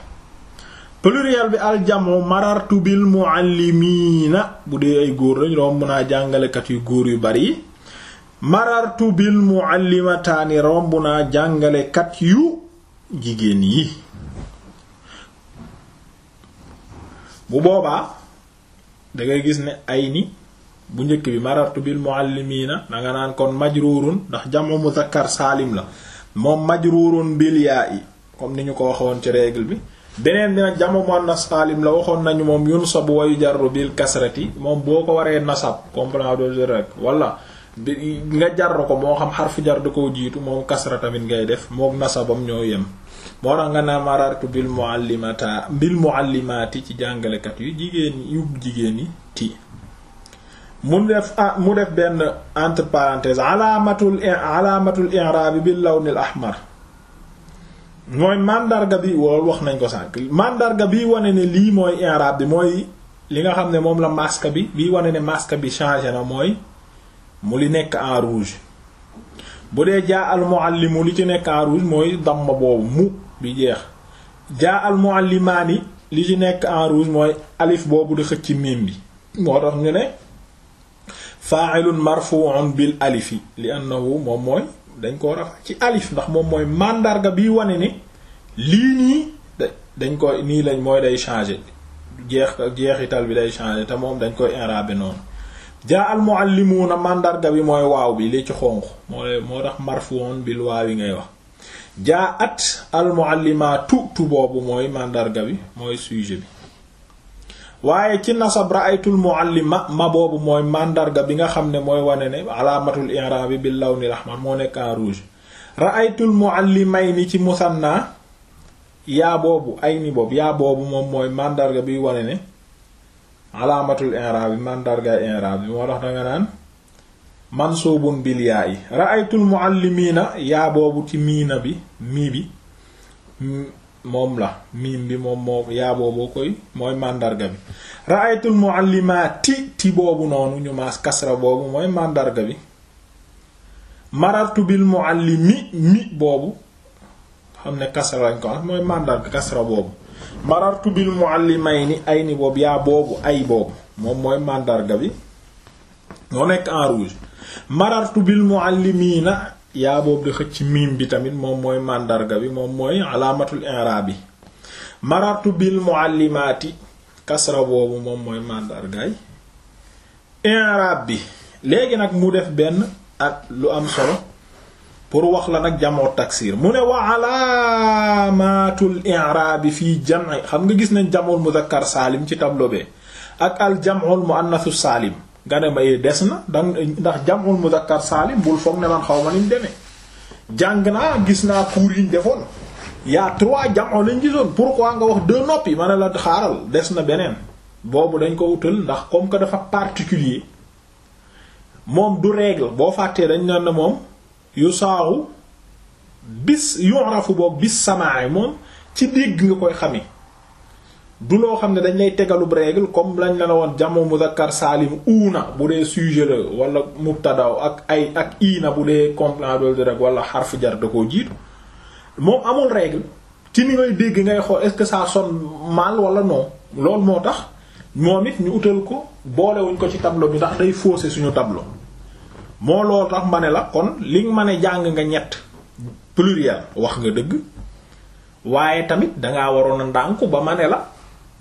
pluriel bi aljamu marartu bil muallimiina bu dee ay góor lañ romb naa jàngalekat yu góor yu bari yi marartu bil muallimataani romb naa jàngalekat yu jigéen yi bu boobaa dangay gis ne ay ni bu njëkk bi marartu bil muallimiina da nga naan kon majruurun ndax jamu muzakkar saalim la moom majruurun bil yaa yi comme ni ñu ko waxoon ci règle bi beneen bi nag jamu muannas saalim la waxoon nañu moom bu wa yujarru bil kasrati moom boo ko waree nasab complément de rek walla bi nga jar ko moo xam xarfu jar da koo jiitu moom kasra tamit ngay def mook nasabam ñoo yem moo tax nga ne marartu bil muallimata ci jàngalekat yu jigéen yu jigéen yi ti mu def ah, mu def benn entre parenthèse alaamatul alaamatul i'rab bi lawnil ahmar mooy mandarga bi wool wax nañ ko sànk màndarga bi wane ne lii mooy i'rab bi mooy li nga xam ne moom la masque bi bii wane ne masque bi change na mooy mu li nekk en rouge bu dee jaa al muallimu li ci nekk en rouge mooy damma boobu mu bi jeex jaa al muallimaani li ci nekk en rouge mooy alif boobu di ci miim bi moo tax ñu ne fa'ilun marfu'un bil alifi li annahu moom mooy dañ ko rafa ci alif ndax moom mooy mandarga bi wane ni lii nii dañ koy nii lañ mooy day changer jeex jeexital bi day changer te moom dañ koy inrabe noonu jaa al muallimuuna mandarga bi mooy waaw bi li ci xonq moo moo tax marfu'un bil waaw yi ngay wax jaa at almuallimaatu tu boobu mooy màndarga bi mooy sujet bi waaye ci nasab ra'aytul muallima ma boobu mooy màndarga bi nga xam ne mooy wane ne alaamatul i'rab bi bil lawnil ahmar moo nekk en rouge ra'aytul muallimayni ci musanna yaa boobu ay ni boobu yaa boobu moom mooy màndarga biy wane ne bi màndarga i'rab bi moo tax danga naan mansuubun bil yaayi ra'aytul muallimiina yaa boobu ci miina bi mii bi moom la miim bi moom moom yaa boobu koy mooy màndarga bi ra'aytul muallimaati ti boobu mi boobu xam ne kasra lañ ko wax mooy màndarga kasra boobu marartu bil muallimayni ay ni boobu yaa boobu ay boobu moom mooy màndarga bi moo nekk en rouge marartu bil muallimiina yaa boobu di xëcc miim bi tamit moom mooy màndarga bi moom mooy alaamatul i'raab bi marartu bil muallimaati moom mooy màndargaay i'raab bi léegi nag mu def benn ak lu am solo pour wax la nag jamoo taksir mu ne wa alaamatul i'raab fii jam'i xam nga gis nañ jamul muzakkar saalim ci tableau bi ak al jam'ul muannathus saalim nga ne ma des na dan ndax jamul muzakkar saalim bul foog ne man xaw ma niñ demee jàng naa gis naa cours yiñ defoon y'a trois jamono lañ gisoon pourquoi nga wax deux noppi ma ne la xaaral des na beneen boobu dañ ko wutal ndax comme que dafa particulier moom du règle boo fàttee dañ naan na moom yu saaru bis yorafu boobu bis samaay moom ci dégg nga koy xamee du loo xam ne dañ lay tegalub règle comme lañ la la woon jamu muzakkar saalim uuna bu dee sujet la wala mubtadaw ak ay ak iina bu dee complément de rek wala xarfu jar da koo jiitu moom amul règle ci ni ngay dégg ngay xool est-ce que ça sonne mal wala non loolu moo tax moom it ñu utal ko boolewuñ ko ci tableau bi ndax day fausser suñu tablo moo loolu tax ma ne la kon li nga mën a jàng nga ñett pluriel wax nga dëgg waaye tamit dangaa waroon a ndànku ba ma la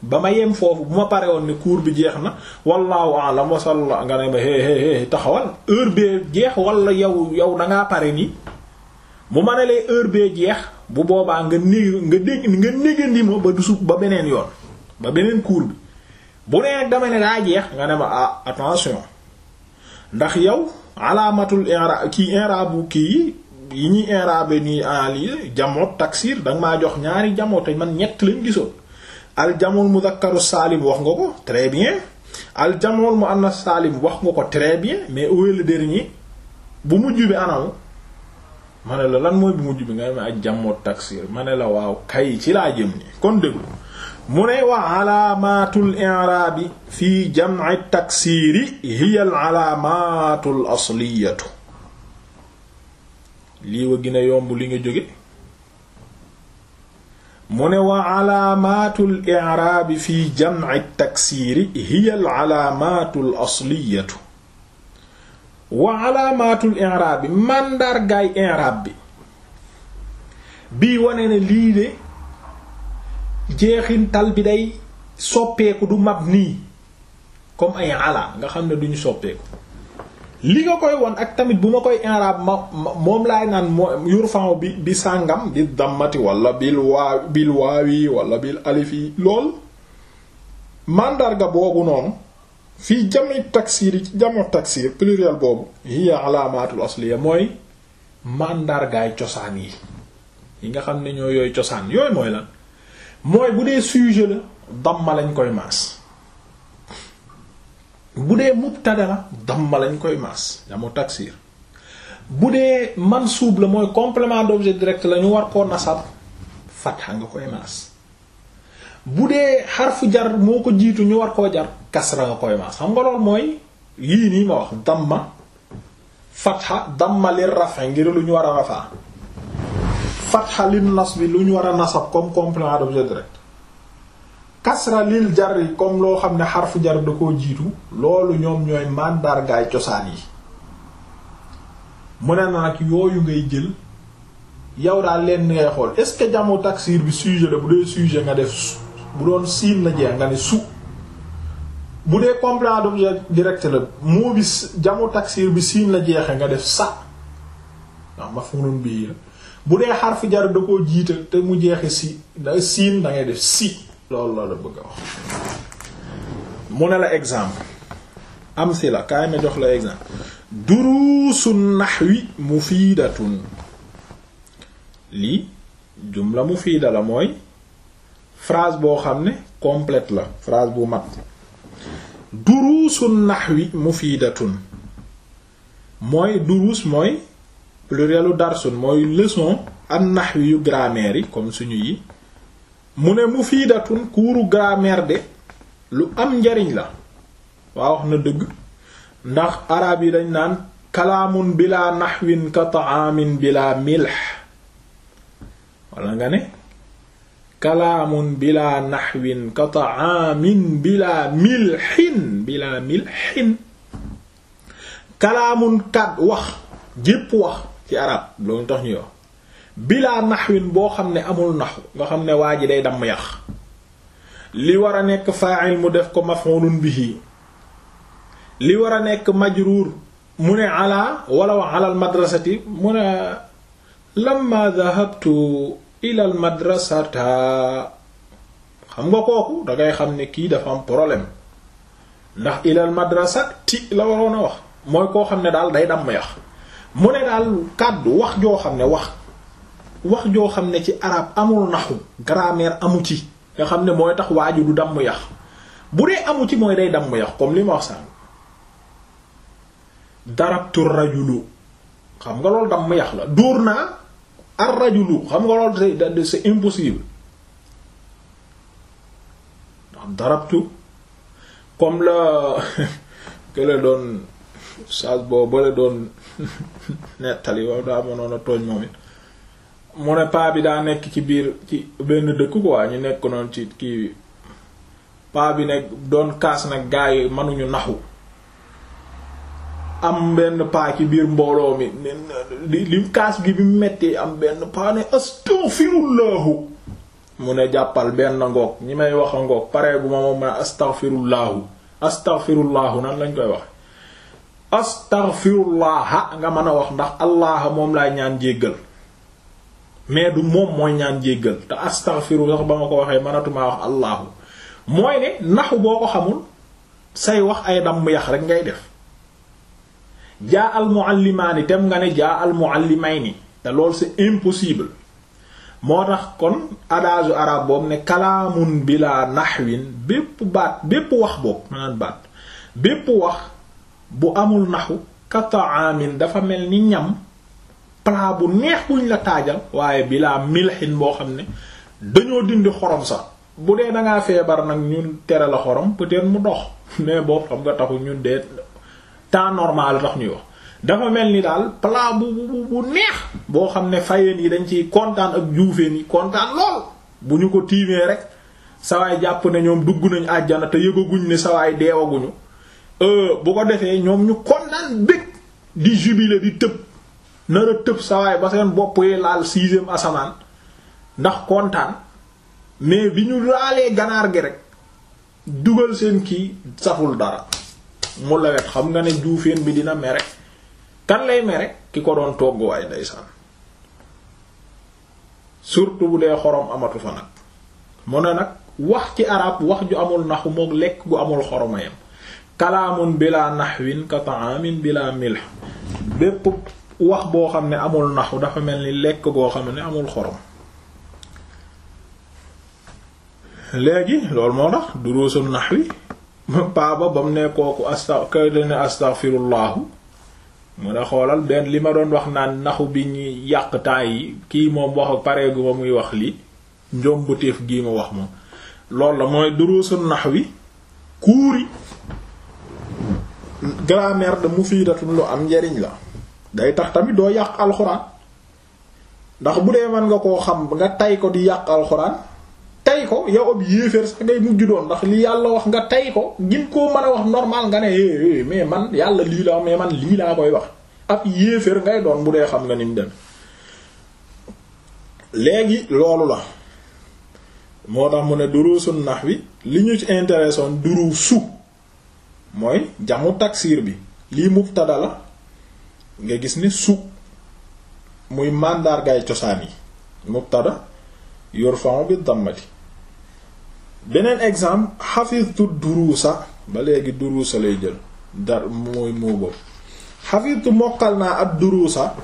ba ma yem foofu bu ma pare woon ne cours bi jeex na wallahu alam wasalla nga ne ma hé hé hé taxawal heure bee jeex wala yow yow da ngaa pare nii bu ma ne lay heure bee jeex bu boobaa nga néeg nga dégg nga négandi ma ba dusu ba beneen yoon ba beneen cours bi bu nee dama ne daa jeex nga ne ma ah attention ndax yow alaamatul inra kii bu kii yi ñuy inrabe nii analyse jamoot taksir danga maa jox ñaari jamoot te man ñett lañ gisoo aljamul mudhakkaru saalim wax nga ko très bien aljamul muannas saalim wax nga ko très bien mais où est le dernier bu mujj bi anam ma la lan mooy bu mujj bi nga demee ak jamoo taksir ma la waaw kay ci laa jëm ni kon déglu mu ne wa alaamatul i'raabi fii jam'i taksiiri hiya al alaamatul asliyatu lii wa gën yomb li nga jóge mu ne wa calaamatu liraabi fi jamci taksiiri hiya alcalaamatu l asliyatu wa alaamaatul i'raab màndargaay i'raab bi bii wane ne lii de jeexintal bi day soppeeku du mab nii comme ay ala nga xam ne duñu soppeeku li nga koy won ak tamit bu ma koy i'rab moom laay naan moo yurfa'u bi bi sàngam bi dammati wala bil waa bil waawi wala bil alif yi lool màndarga boobu noonu fii jami taksir yi ci jamu taksir pluriel boobu hiya alaamatul asliya mooy mandargaay cosaan yi yi nga xam ne ñoo yooyu cosaan yooyu mooy lan mooy bu dee sujet la damma lañ koy maas bu dee mubtada la damma lañ koy maas damoo taksir bu dee man mansuub la mooy complément d'objet direct la ñu war koo nasab fatha nga koy maas bu dee xarfu jar moo ko jiitu ñu war koo jar kasra nga koy maas xam nga lool mooy yii nii ma wax damma fatha damma li rafa ngir lu ñu war a rafa fatha li nas bi lu ñu war a nasab comme complément d'objet direct kasra lil jarri comme loo xam ne xarfu jar da koo jiitu loolu ñoom ñooy màndargaay cosaan yi mën na nag yooyu ngay jël yow daal leen ngay xool ce que jamu taksir bi sujet la bu dee nga def bu doon siin la jeex nga ne su bu dee complément d'objet la moo bi jamu taksir bi siin la jeexe nga def sa waaw mafhum bu dee xarfu jar da koo jiital te mu jeexe si da siin da ngay def si loolu la la bëgg a wax mu ne la exemple am si la kaay ma jox la exemple duruusu naxwi mufiidatun lii jumla mufiida la mooy frase boo xam ne complète la phrase bu mat duruusu naxwi mufiidatun mooy duruus mooy plurielu darsun mooy leçon an naxwi yu grammaire yi comme suñu yi mu ne mufiidatun kuuru grammaire de lu am njariñ la waa wax na dëgg ndax arab yi dañ naan kalaamun bila naxwin ka taamin bila milx bila naxwin kalaamun kat wax jépp wax ci arab loolu tax ñuy wax bilaa naxwin boo xam ne amul naxu nga xam ne waa ji day damm yax li war a nekk fa'il mu def ko maf'ulun bihi li war a nekk majruur mu ne ala wala wa ala mu ne lamma ila al xam nga kooku dangay xam ne kii dafa problème ndax ila al madrasati la waroon a wax mooy koo xam ne daal day damm yax mu ne daal kàddu wax joo xam ne wax wax joo xam ne ci arab amul naxu grammaire amu ci nga xam ne mooy tax waaju du damm yax bu dee amu ci mooy day damm yax comme li ma wax sànq darabtu rajulu xam nga loolu damm yax la dóor naa ar rajulu xam nga lool c'est impossible ndax darabtu comme la que la doon sag boo bale doon nettali waaw daa mënoon tooñ moom it mu ne paa bi daa nekk ci biir ci benn dëkk quoi ñu nekk noonu ci kii paa bi nekk doon kaas nag gaay manuñu mënuñu naxu am benn paa ci biir mbooloo mi li kaas gi bi mu metti am benn paa ne astaghfirullahu mu ne jàppal benn ngoog ñi may wax a ngoog pare bu ma moom ma ne astaghfirullahu astaghfirullahu nan lañ koy wax astaghfirullaha nga mën a wax ndax allaha moom laay ñaan jéggal mais du moom mooy ñaan jéggal te astaghfiru sax ba ma ko waxee mënatumaa wax allahu mooy ne naxu boo ko xamul say wax ay damm yax rek ngay def jaa al muallimaani tem nga te lool c'est impossible moo tax kon adage arab boobu ne kalaamun bila naxwin bépp baat bépp wax boobu maanaam baat bépp wax bu amul naxu kataamin dafa mel ni ñam plat bu neex buñ la taajal waaye bilaa milxin boo xam ne dañoo dindi xorom sax bu dee da feebar nag ñu tere la xorom peut-être mu dox mais boo xam nga taxu ñun dee temps normal tax ñuy wax dafa mel ni daal plat bu bu bu neex boo xam ne fayeen yi dañ ciy kontaan ak juufeen yi kontaan lool bu ñu ko tiimee rek sawaay jàpp ne ñoom dugg nañu àjjana te yëgaguñ ne sawaay deewaguñu euh, bu ko defee ñoom ñu kontaan bég di jubilé di tëb nara tëb sawaay ba seen bopp yi laal sixième asamaan ndax kontaan mais bi ñu laalee ganaar gi rek dugal seen kii saful dara mu lawet xam nga ne juufeen bi dina mere kan lay mere ki ko doon togg waay ndeysaan surtout bu dee xorom amatu fa nag mu ne nag wax ci arab wax ju amul naxu mook lekk gu amul xoromayam kalaamun bila naxwin ka ta'amin bila bépp wax boo xam ne amul naxu dafa mel ni lekk goo xam ne amul xorom léegi loolu moo tax duruusul naxwi paaba ba mu ne kooku asta kay ne astaghfirullahu mu ne xoolal benn li ma doon wax naa naxu bi ñuy yàq temps yi kii moom wax pare gu muy wax li njombuteef gii ma wax moom loolu la mooy nax wi kuuri grammaire de mufiidatun lu am njariñ la day tax tamit doo yàq alxuraan ndax bu dee mën nga koo xam nga tey ko di yàq alxuraan tey ko yow ab yéeféer sax ngay mujj doon ndax li yàlla wax nga tey ko gin koo mën a wax normal nga ne é eh, eh, mais man yàlla lii la mais man lii laa koy wax ab yéeféer ngay doon bu dee xam nga ni mu dem léegi loolu la moo tax mu ne duruusun nahwi li ñu ci intéressant duruusu mooy jamu taksiir bi lii mubtada la nga gis ni su muy màndargaay cosaan yi mubtada yurfa'u bi dammati beneen exemple xafiztu duruusa ba léegi duruusa lay jël dar mooy moo boobu mokkal naa ak duruusa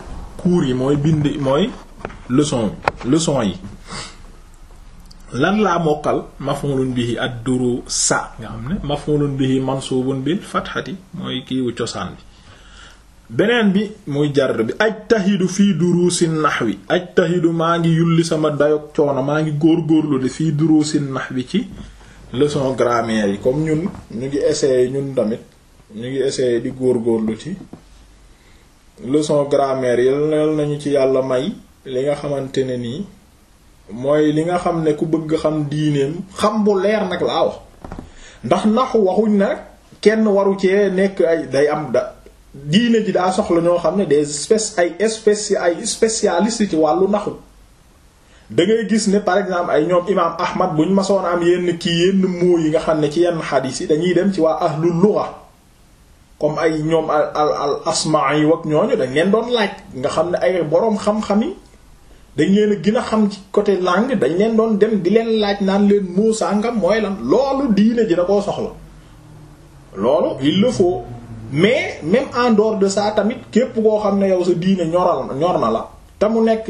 cours yi mooy bind mooy leçon leçon yi lan laa mokkal maf'ulun bihi ad-durusa nga xam ne maf'ulun bihi mansubun bil fathati mooy kiiwu cosaan bi beneen bi muy jar bi ajtahidu fii du duruusi nahwi ajtahidu maa ngi yulli sama dayog coono maa ngi góorgóorlu di fii nax nahwi ci leçon grammaire yi comme ñun ñu ngi essayer ñun tamit ñu ngi essayer di góor góorlu ci leçon grammaire yal nañu ci yàlla may li nga xamante ne nii mooy li nga xam ne ku bëgg xam diineem xam bu leer nag laa wax ndax naxu waxuñ nag kenn waru cee nekk ay day am da diine ji daa soxla ñoo xam ne des espèces ay espèces ay spécialistes ci wàllu naxu da ngay gis ne par exemple ay ñoom imaam Ahmad bu ñu masoon am yenn kii yenn mots yi nga xam ne ci yenn xadiis yi dañuy dem ci waa ahlul lugha comme ay ñoom al al al yi wak ñooñu dañ leen doon laaj nga xam ne ay boroom xam-xam yi dañ leen gina xam ci côté langue dañ leen doon dem di leen laaj naan leen mot sàngam mooy lan loolu diine ji da koo soxla loolu il le mais même en dehors de saa tamit képp koo xam ne yow sa diine ñoral ñor na la te mu nekk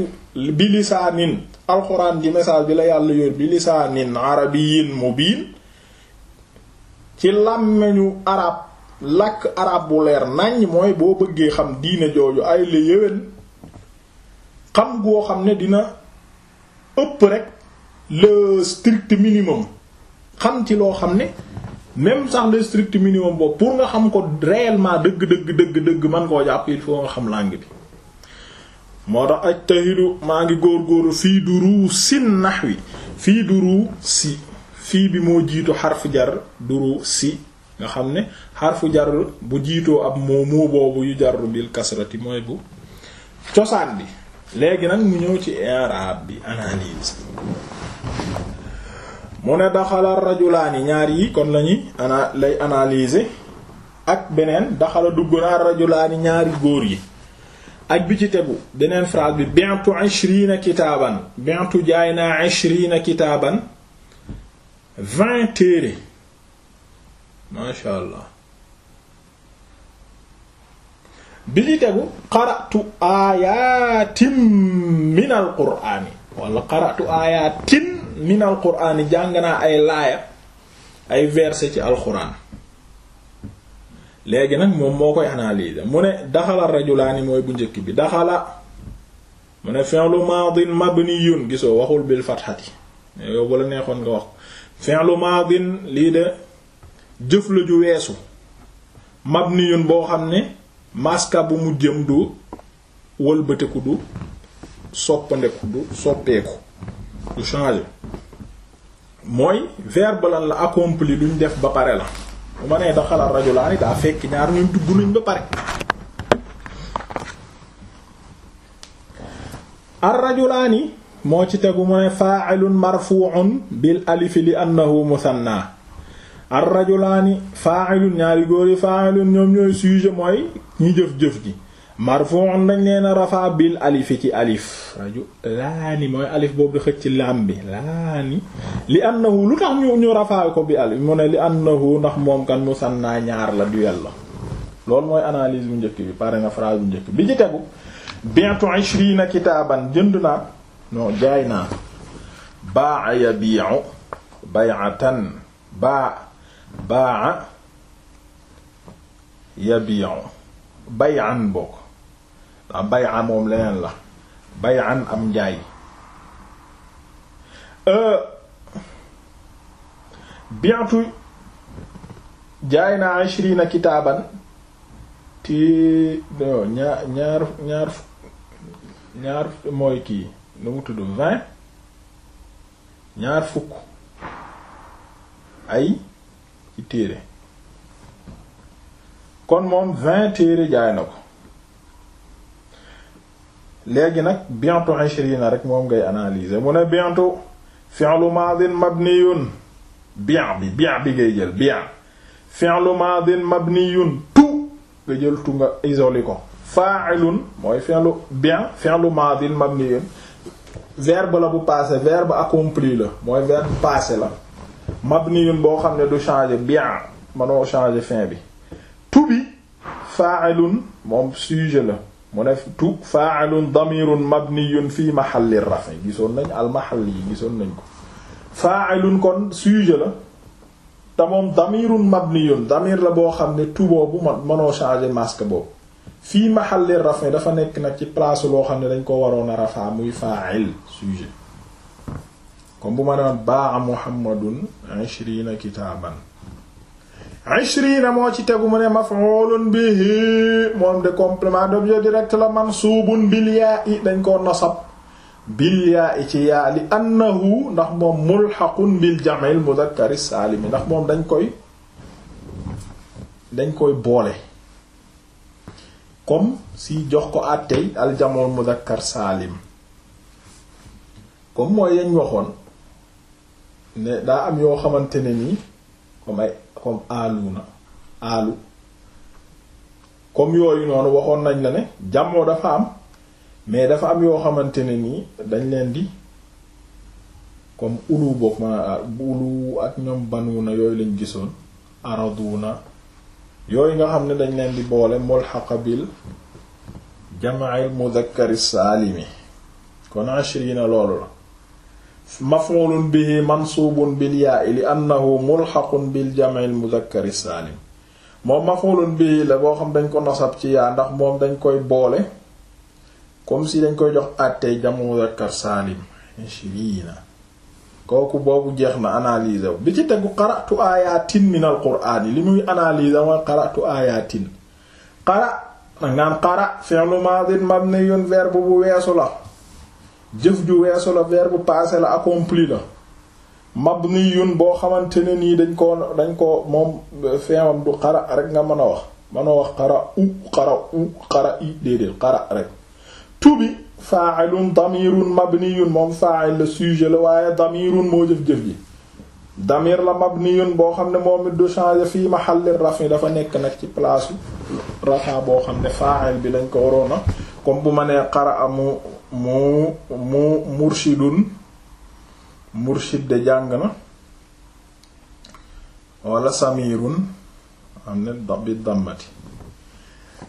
bi lisaanin alxuraan ji message bi la yàlla yoon bi lisaanin arabiyin mubiin ci làmmeñu arab làkk arab bu leer naññ mooy boo bëggee xam diine jooju ay la yéwén xam goo xam ne dina ëpp rek le strict minimum xam ci loo xam ne même sax le strict minimum boobu pour nga xam ko réellement dëgg dëgg dëgg dëgg man koo jàpp il faut nga xam langue bi moo tax ajtahidu maa ngi góor góorgóorlu fii du duru sin wi fii du ruu si fii bi moo jiitu xarfu jar duru si nga xam ne xarfu jar bu jiitoo ab moo moo boobu yu jar bil kasrati mooy bu cosaan bi léegi nag mu ñëw ci i'rab bi analyse mu ne daxala rajulaani ñaar yi kon la ñuy ana lay analyser ak beneen daxala dugg na rajulaani ñaari góor yi ak bi ci tegu beneen phrase bi bi'tu ishrina kitaaban bi'tu jaay naa ishrina kitaaban vingt téere masha allah bi ci tegu qara'tu aayatin min al qur'ani wala qara'tu aayatin min alquraan yi jàng naa ay laaya ay verset ci alquraan léegi nag moom moo koy analyser mu ne daxala rajulaani mooy bu njëkk bi daxala mu ne fi'lu maadin mabniyun gisoo waxul bil fatxati yow bala neexoon nga wax fi'lu maadin lii de jëf la ju weesu mabniyun boo xam ne maska bu mu jëm du wëlbatiku du soppandeku du soppeeku du changer mooy verbe la accompli duñ def ba pare la bu ma nee daxala rajulaani daa fekk ñaar ñu dugg nañ ba pare ar rajulaani moo ci tegu ma ne fa'ilun marfu'un bil alif li annahu muthanna ar rajulaani fa'ilun ñaari góor yi ñoom ñooy sujet mooy ñi jëf-jëf ji marfuun dañ leen rafa bil alifi ci alif raju laani mooy alif boobu di xëcc laam bi laani li annahu lu tax ñu ñu rafaa ko bi alif mu ne li annahu ndax moom kan musanna ñaar la duel la loolu mooy analyse bu njëkk bi pare nga phrase bu njëkk bi ci tegu bi'tu ishrina kitaaban jënd naa non jaay naa baa yabi'u bay'atan baa baa yabi'u bay'an bokk ndax ah, bay'a moom leneen la bay'an am njaay euh, bi'tu jaay naa ishrina kitaaban ti ñaar ñaar ñaar ñaar mooy mu tudd vingt ñaar fukk ay ci téere kon moom vingt téere jaay na ko léegi nag bi'tu na rek moom ngay analyser mu ne bi'tu fi'lu madin mabniyun bien bi bien bi ngay jël bien fi'lu madin mabniyun tu nga jël tu nga isolé ko fa'ilun mooy fi'lu bien fi'lu madin mabniyun verbe la bu passé verbe accompli la mooy verbe passé la mabniyun boo xam ne du changer bien manoo changer fin bi tu bi fa'ilun moom sujet la mu ne tug fa'ilun damirun mabniyun fi mahalli raf'i gisoon nañ al mahalli yi gisoon nañ ko fa'ilun kon sujet la te moom damirun mabniyun damir la boo xam ne tout boobu ma mënoo changer masque boobu fii mahalli raf'i dafa nekk nag ci place loo xam ne dañ ko waroon a rafaa muy fa'il sujet comme bu ma naan baa Muhammadun 'ishrina kitaaban ishrina moo ci tegu mu ne maf'ulun bihi moom de complément d'objet direct la mansubun bil yaa'i dañ ko nasab bil yaa'i ci yaa li annahu ndax moom mulhaqun bil jam'il mudhakkari saalimi ndax moom dañ koy dañ koy boole comme si jox ko àttey al jam'ul mudhakkar saalim comme mooy yañ waxoon ne daa am yoo xamante ne nii comme ay comme alu na alu comme yooyu noonu waxoon nañ la ne jàmmoo dafa am mais dafa am yoo xamante ne nii dañ leen di comme ulu boog ma ulu ak ñoom banu na yooyu lañ gisoon aradu na yooyu nga xam ne dañ leen di boole mulhaqa bil jama'il mudhakkar as-salimi kon ashri loolu la maf'ulun bihi mansuubun bil yaa'i li annahu mulhaqun bil jam'il muzakkari saalim moom maf'ulun bihi la boo xam dañ ko nasab ci yaa ndax moom dañ koy boole comme si dañ koy jox àttee jam'u muzakkar saalim ishriina kooku boobu jeex na analyse bi ci tegu qara'tu ayatin min al qur'aan yi li muy analyse mooy qara'tu ayatin qara nag naan qara fi'lu maadin mabniyun verbe bu weesu la jëf ju weesu la verbe passé la accompli la mabniyun boo xamante ne nii dañ ko dañ ko moom feewam du xara rek nga mën a wax mën a wax xara u xara u xara i déedéet xara rek tubi fa'ilun damirun mabniyun moom fa'il la sujet la waaye damirun moo jëf-jëf ji damir la mabniyun boo xam ne moom it du changer fii mahalli raf'i dafa nekk nag ci place rafa boo xam ne fa'il bi dañ ko waroona comme bu ma nee xara amu mu mu murshidun murshid de jàng na wala samirun am ne bi dammati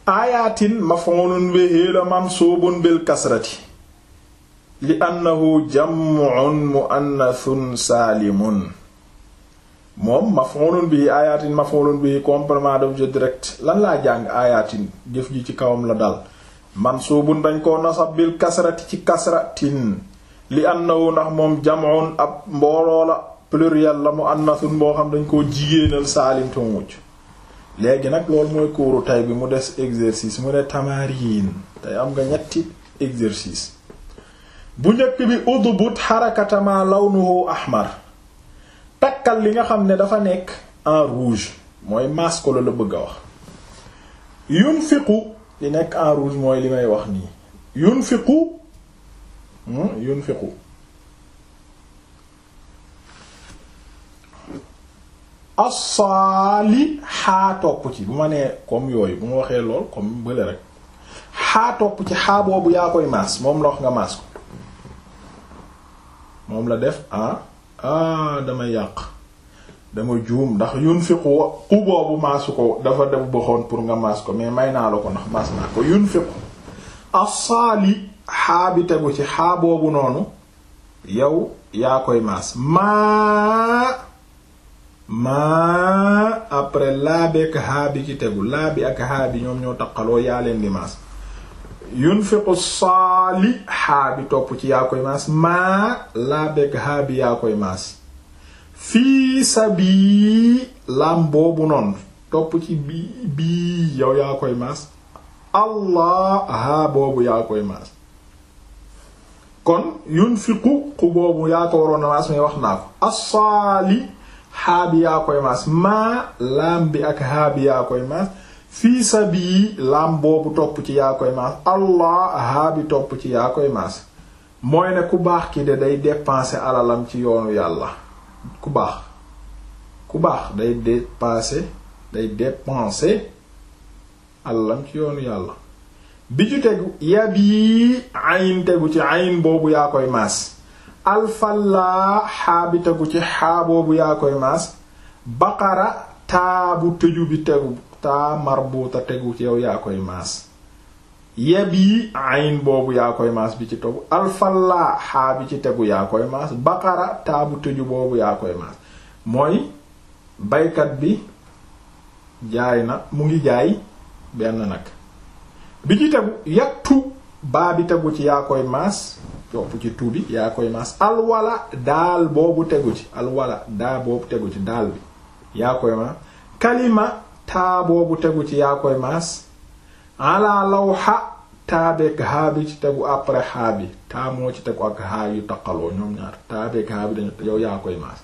ayatin maf'ulun bihi la mansubun bil kasrati li annahu jam'un muannathun saalimun moom maf'ulun bihi ayatin maf'ulun bihi complément d'objet direct lan laa jàng ayatin jëf ji ci kawam la dal mansuubun dañ koo nasab bil kasrati ci kasratin li annahu ndax moom jam'un ab mbooloo la pluriel la mu annasun boo xam dañ koo jigéenal saalim mu mujj léegi nag loolu mooy kuuru tay bi mu des exercice mu ne tamarin tey am nga ñetti exercice bu njëkk bi udbut xarakatama lawnuhu ahmar takkal li nga xam ne dafa nekk en rouge mooy maskolo la bëgg a wax yunfiqu li nekk en rouge mooy li may wax nii yunfiqu hmm, yunfiqu assaali xaa topp ci bu ma nee comme yooyu bu ma waxee lool comme bële rek xaa topp ci xaa boobu yaa koy maas moom la wax nga maas ko moom la def ah ah damay yàq dama juum ndax yunfiqu ku boobu maasu ko dafa def baxoon pour nga maas ko mais may naa la ko ndax maas naa ko yunfiqu asaali xaa bi tegu ci xaa boobu noonu yow yaa koy maas maa maa après laa bi ak xaa bi ci tegu laa bi ak xaa ñoom ñoo taqaloo yaa leen di maas yunfiqu saali xaa topp ci yaa koy maas maa laa bi ak yaa koy maas fii sa bii laam boobu noonu topp ci bii yow yaa koy maas allah haa boobu yaa koy maas kon yunfiqu ku boobu yaa ko waroon a maas mais wax naa ko assaali haa bi yaa koy maas maa laam bi ak haa bi yaa koy maas fii sa laam boobu topp ci yaa koy maas allah haa bi topp ci yaa koy maas mooy ne ku baax ki de day dépenser alalam ci yoonu yàlla ku baax ku baax day dépasser day dépenser àllam ci yoonu yàlla bi ju tegu yab yi ayin tegu ci ayin boobu yaa koy maas alfalaa xaa bi tegu ci xaa boobu yaa koy maas baqara taabu tëju bi tegu taa marbuuta tegu ci yow yaa koy maas yeb yi ayn boobu yaa koy maas bi ci tegu alfalaa xaa bi ci tegu yaa koy maas baqara taabu tëju boobu yaa koy maas mooy baykat bi jaay na mu ngi jaay benn nag bi ci tegu yattu baa bi tegu ci yaa koy maas topp ci tuubi yaa koy maas alwala daal boobu tegu ci alwala daa boobu tegu ci daal bi yaa koy maas kalima taa boobu tegu ci yaa koy maas ala lawha taabeeg haabi ci tegu après haabi taamoo ci tegu ak haa yu taqaloo ñoom ñaar taabeeg haabi dañu yow yaa koy maas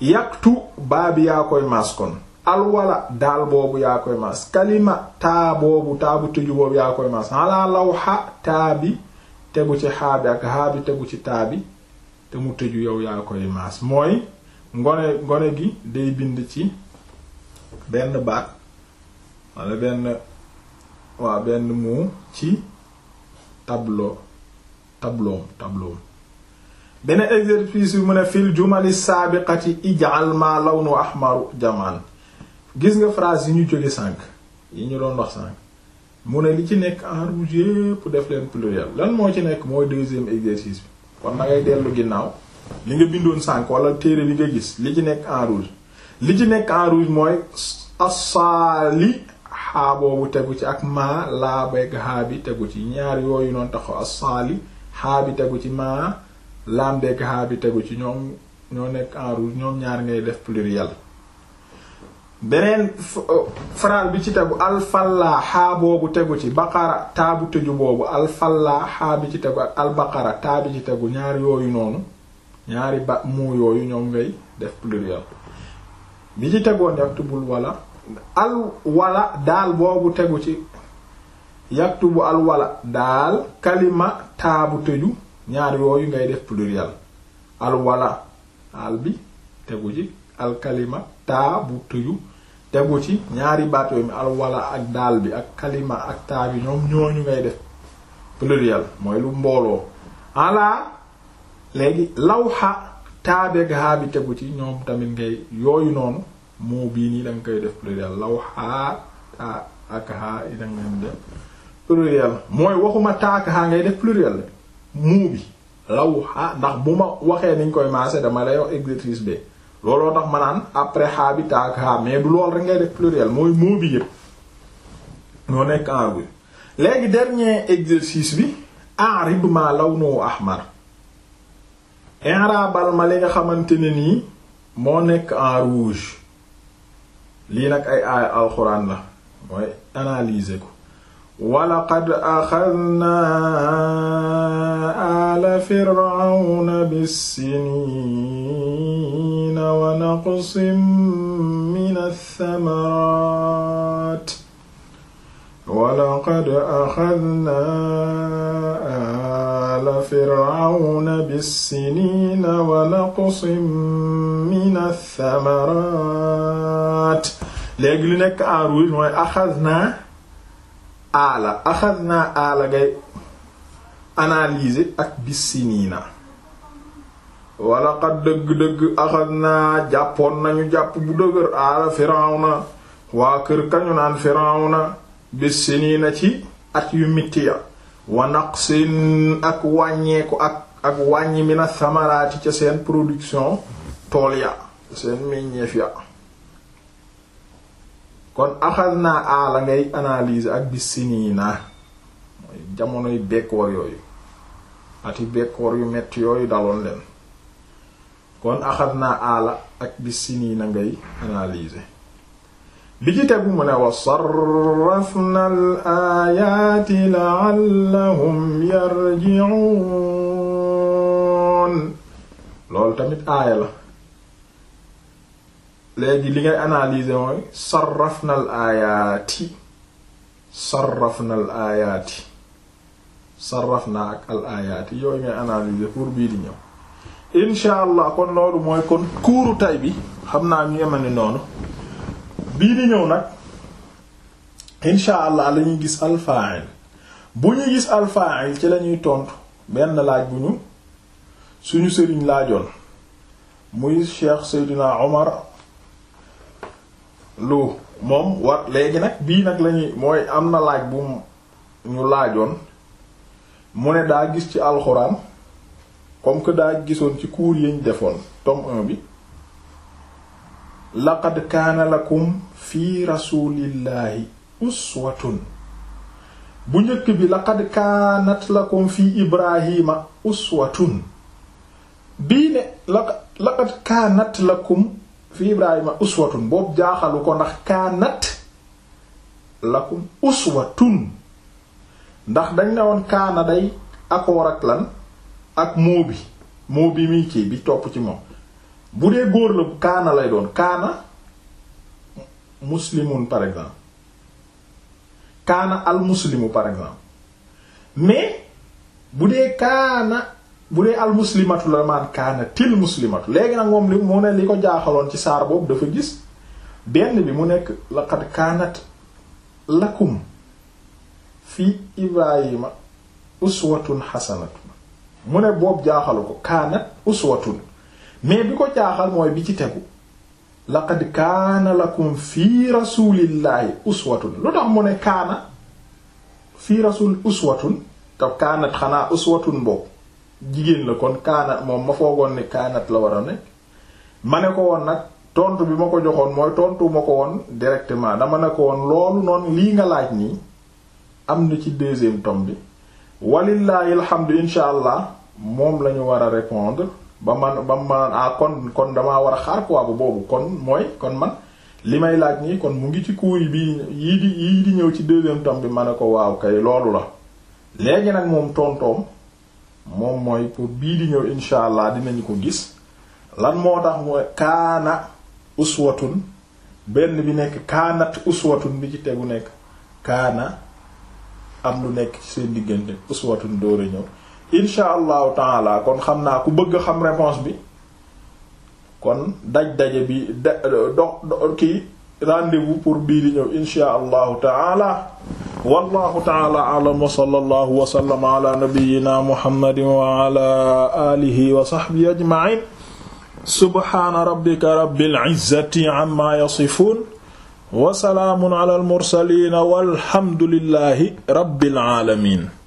yaktu baabi yaa koy maas kon alwala daal boobu yaa koy maas kalima taa boobu tëju boobu yaa koy maas ala lawha taabi tegu ci haabi ak haabi tegu ci taabi te mu tëju yow yaa koy maas mooy ngone ngone gi day bind ci benn baat wala benn waa benn mu ci tableau tableau tableau beneen exercice yu mu ne fil jumali saabiqati ij'al ma lawnu ahmaru jamaan gis nga phrase yi ñu jóge sànq yi ñu doon wax sànq mu ne li ci nekk en rouge yépp def leen pluriel lan moo ci nekk mooy deuxième exercice bi kon na dellu ginnaaw li nga bindoon sànq wala téere li nga gis li ci nekk en rouge li ci nekk en rouge mooy asaali xaa boobu tegu ci ak maa laa bi tegu ci ñaar yooyu noonu taxaw asaali xaa bi ci maa laam beeg xaa bi tegu ci ñoom ñoo nekk en rouge ñaar ngay def pluriel beneen euh, bi ci tegu alfallaa xaa tegu ci baqara taabu tëju boobu alfallaa xaa bi ci tegu yooyu noonu ñaari ba mu yooyu ñoom ngay def pluriel bi ci tegoon yàq bul wala al wala daal boobu tegu ci yaktubu al wala daal kalima taabu tëju ñaar yooyu ngay def pluriel al wala al bi tegu ci al kalima taabu tëju tegu ci ñaari baat yooyu mi al wala ak daal bi ak kalima ak taa bi ñoom ñooñu ngay def pluriel mooy lu mbooloo ala léegi lawxa taabeeg haa bi tegu ci ñoom tamit ngay yooyu noonu moo bii nii da koy def pluriel law xaa taa ak xaa yi da nga def pluriel mooy waxuma taa ak xaa ngay def pluriel muu bi law xaa ndax bu ma waxee niñ koy maase dama lay wax exercice bi looloo tax ma naan après xaa bi taa ak mais du lool rek ngay def pluriel mooy muu bi yëpp ñoo nekk en rouge léegi dernier exercice bi a'rib ma lawnu ahmar i'rabal ma li nga xamante ne nii moo nekk en rouge lii nag ay aaya alxuraan la mooy analyser ko walaqad axadnaa ala firawna bissiniina wa naqsim min athamaraat walaqad axadnaa ala fir'awna bis-siniina wa naqsin mina thamaraat léegi li nekk en rouge mooy axadnaa ala axadnaa ala ngay analyser ak bis-siniina wala qad dëgg-dëgg axadnaa jàppoon nañu jàpp bu dëgër ala fir'awna waa kër kañu naan fir'awna bis-siniina ci at yu mitti ya wa naqsin ak wàññeeku ak ak wàññi mina samaraati ca seen production tool ya seen meññeef ya kon axal naa aala ngay analyser ak bi siniina mooy jamonoy bekkoor yooyu ati bekkoor yu metti yooyu daloon leen kon axal na aala ak bi siniina ngay analyser bi ci tegu mu ne wa sarrafna al aayaati la'allahum yarji'un lool tamit aaya la léegi li ngay analyser mooy sarrafna al aayaati sarrafna al aayaati sarrafna ak al aayaati yooyu ngay analyser pour bii di ñëw incha allah kon loolu mooy kon kuuru tay bi xam naa ñu yemani noonu bii di ñëw nag insha allah la ñuy gis alfail bu ñuy gis alfail ci lañuy tontu benn laaj bu ñu suñu sëriñ laajoon muy cheikh Seydina Omar lu moom war léegi nag bii nag lañuy mooy am na laaj bu ñu laajoon mu ne daa gis ci alxuraan comme que daa gisoon ci cours yi defoon tom 1 bi laqad kaana lakum fi rasulillahi uswatun bu njëkk bi laqad kaanat lakum fi ibrahima uswatun bii ne laqad kaanat lakum fi ibrahima uswatun boobu jaaxalu ko ndax kaanat lakum uswatun ndax dañ ne woon kaana day akoor ak lan ak moo bi muy kii bi topp ci moom bu dee góor la kaana lay doon kaana muslimun par exemple kaana al muslimu par exemple mais bu dee kaana bu dee al muslimatu la maan kaana til muslimatu léegi nag moom li mu ne li ko jaaxaloon ci saar boobu dafa gis benn bi mu nekk laqad kaanat lakum fi ibrahima uswatun ma mu ne boobu jaaxalu ko kaanat uswatun mais bi ko jaaxal mooy bi ci tegu laqad kaana lakum fii rasulillahi uswatun lu tax mu ne kaana fii rasul uswatun te kaanat xanaa uswatun boobu jigéen la kon kaanat moom ma foogoon ne kaanat la war a nekk ma ne ko woon nag tontu bi ma ko joxoon mooy tontu ma ko woon directement dama ne ko woon loolu noonu lii nga laaj nii am na ci deuxième tome bi walillahi alhamdu insha allah moom lañu war a répondre ba man ba man ah kon kon damaa war a xaar quoi bu boobu kon mooy kon man li may laaj nii kon mu ngi ci kuuy bi yii di yii di ñëw ci deuxième tome bi ma ne ko waaw kay loolu la léegi nag moom tontoom moom mooy pour bii di ñëw insha allah dinañu ko gis lan moo tax mooy kaana uswatun benn bi nekk kaanat uswatun bi ci tegu nekk kaana am lu nekk ci seen diggante uswatun dóora ñëw insha allahu taala kon xam naa ku bëgg xam réponse bi kon daj daje bi da euh, do kii rendez-vous pour bii di ñëw insha allahu taala wallahu taala alam wa sallallahu wa sallama ala nabiyyina muhammadin wa ala alihi wa sahbihi ajma'in subhana rabbika rabbil izzati amma yasifun wa salaamun ala al mursalin walhamdulillahi rabbil alamin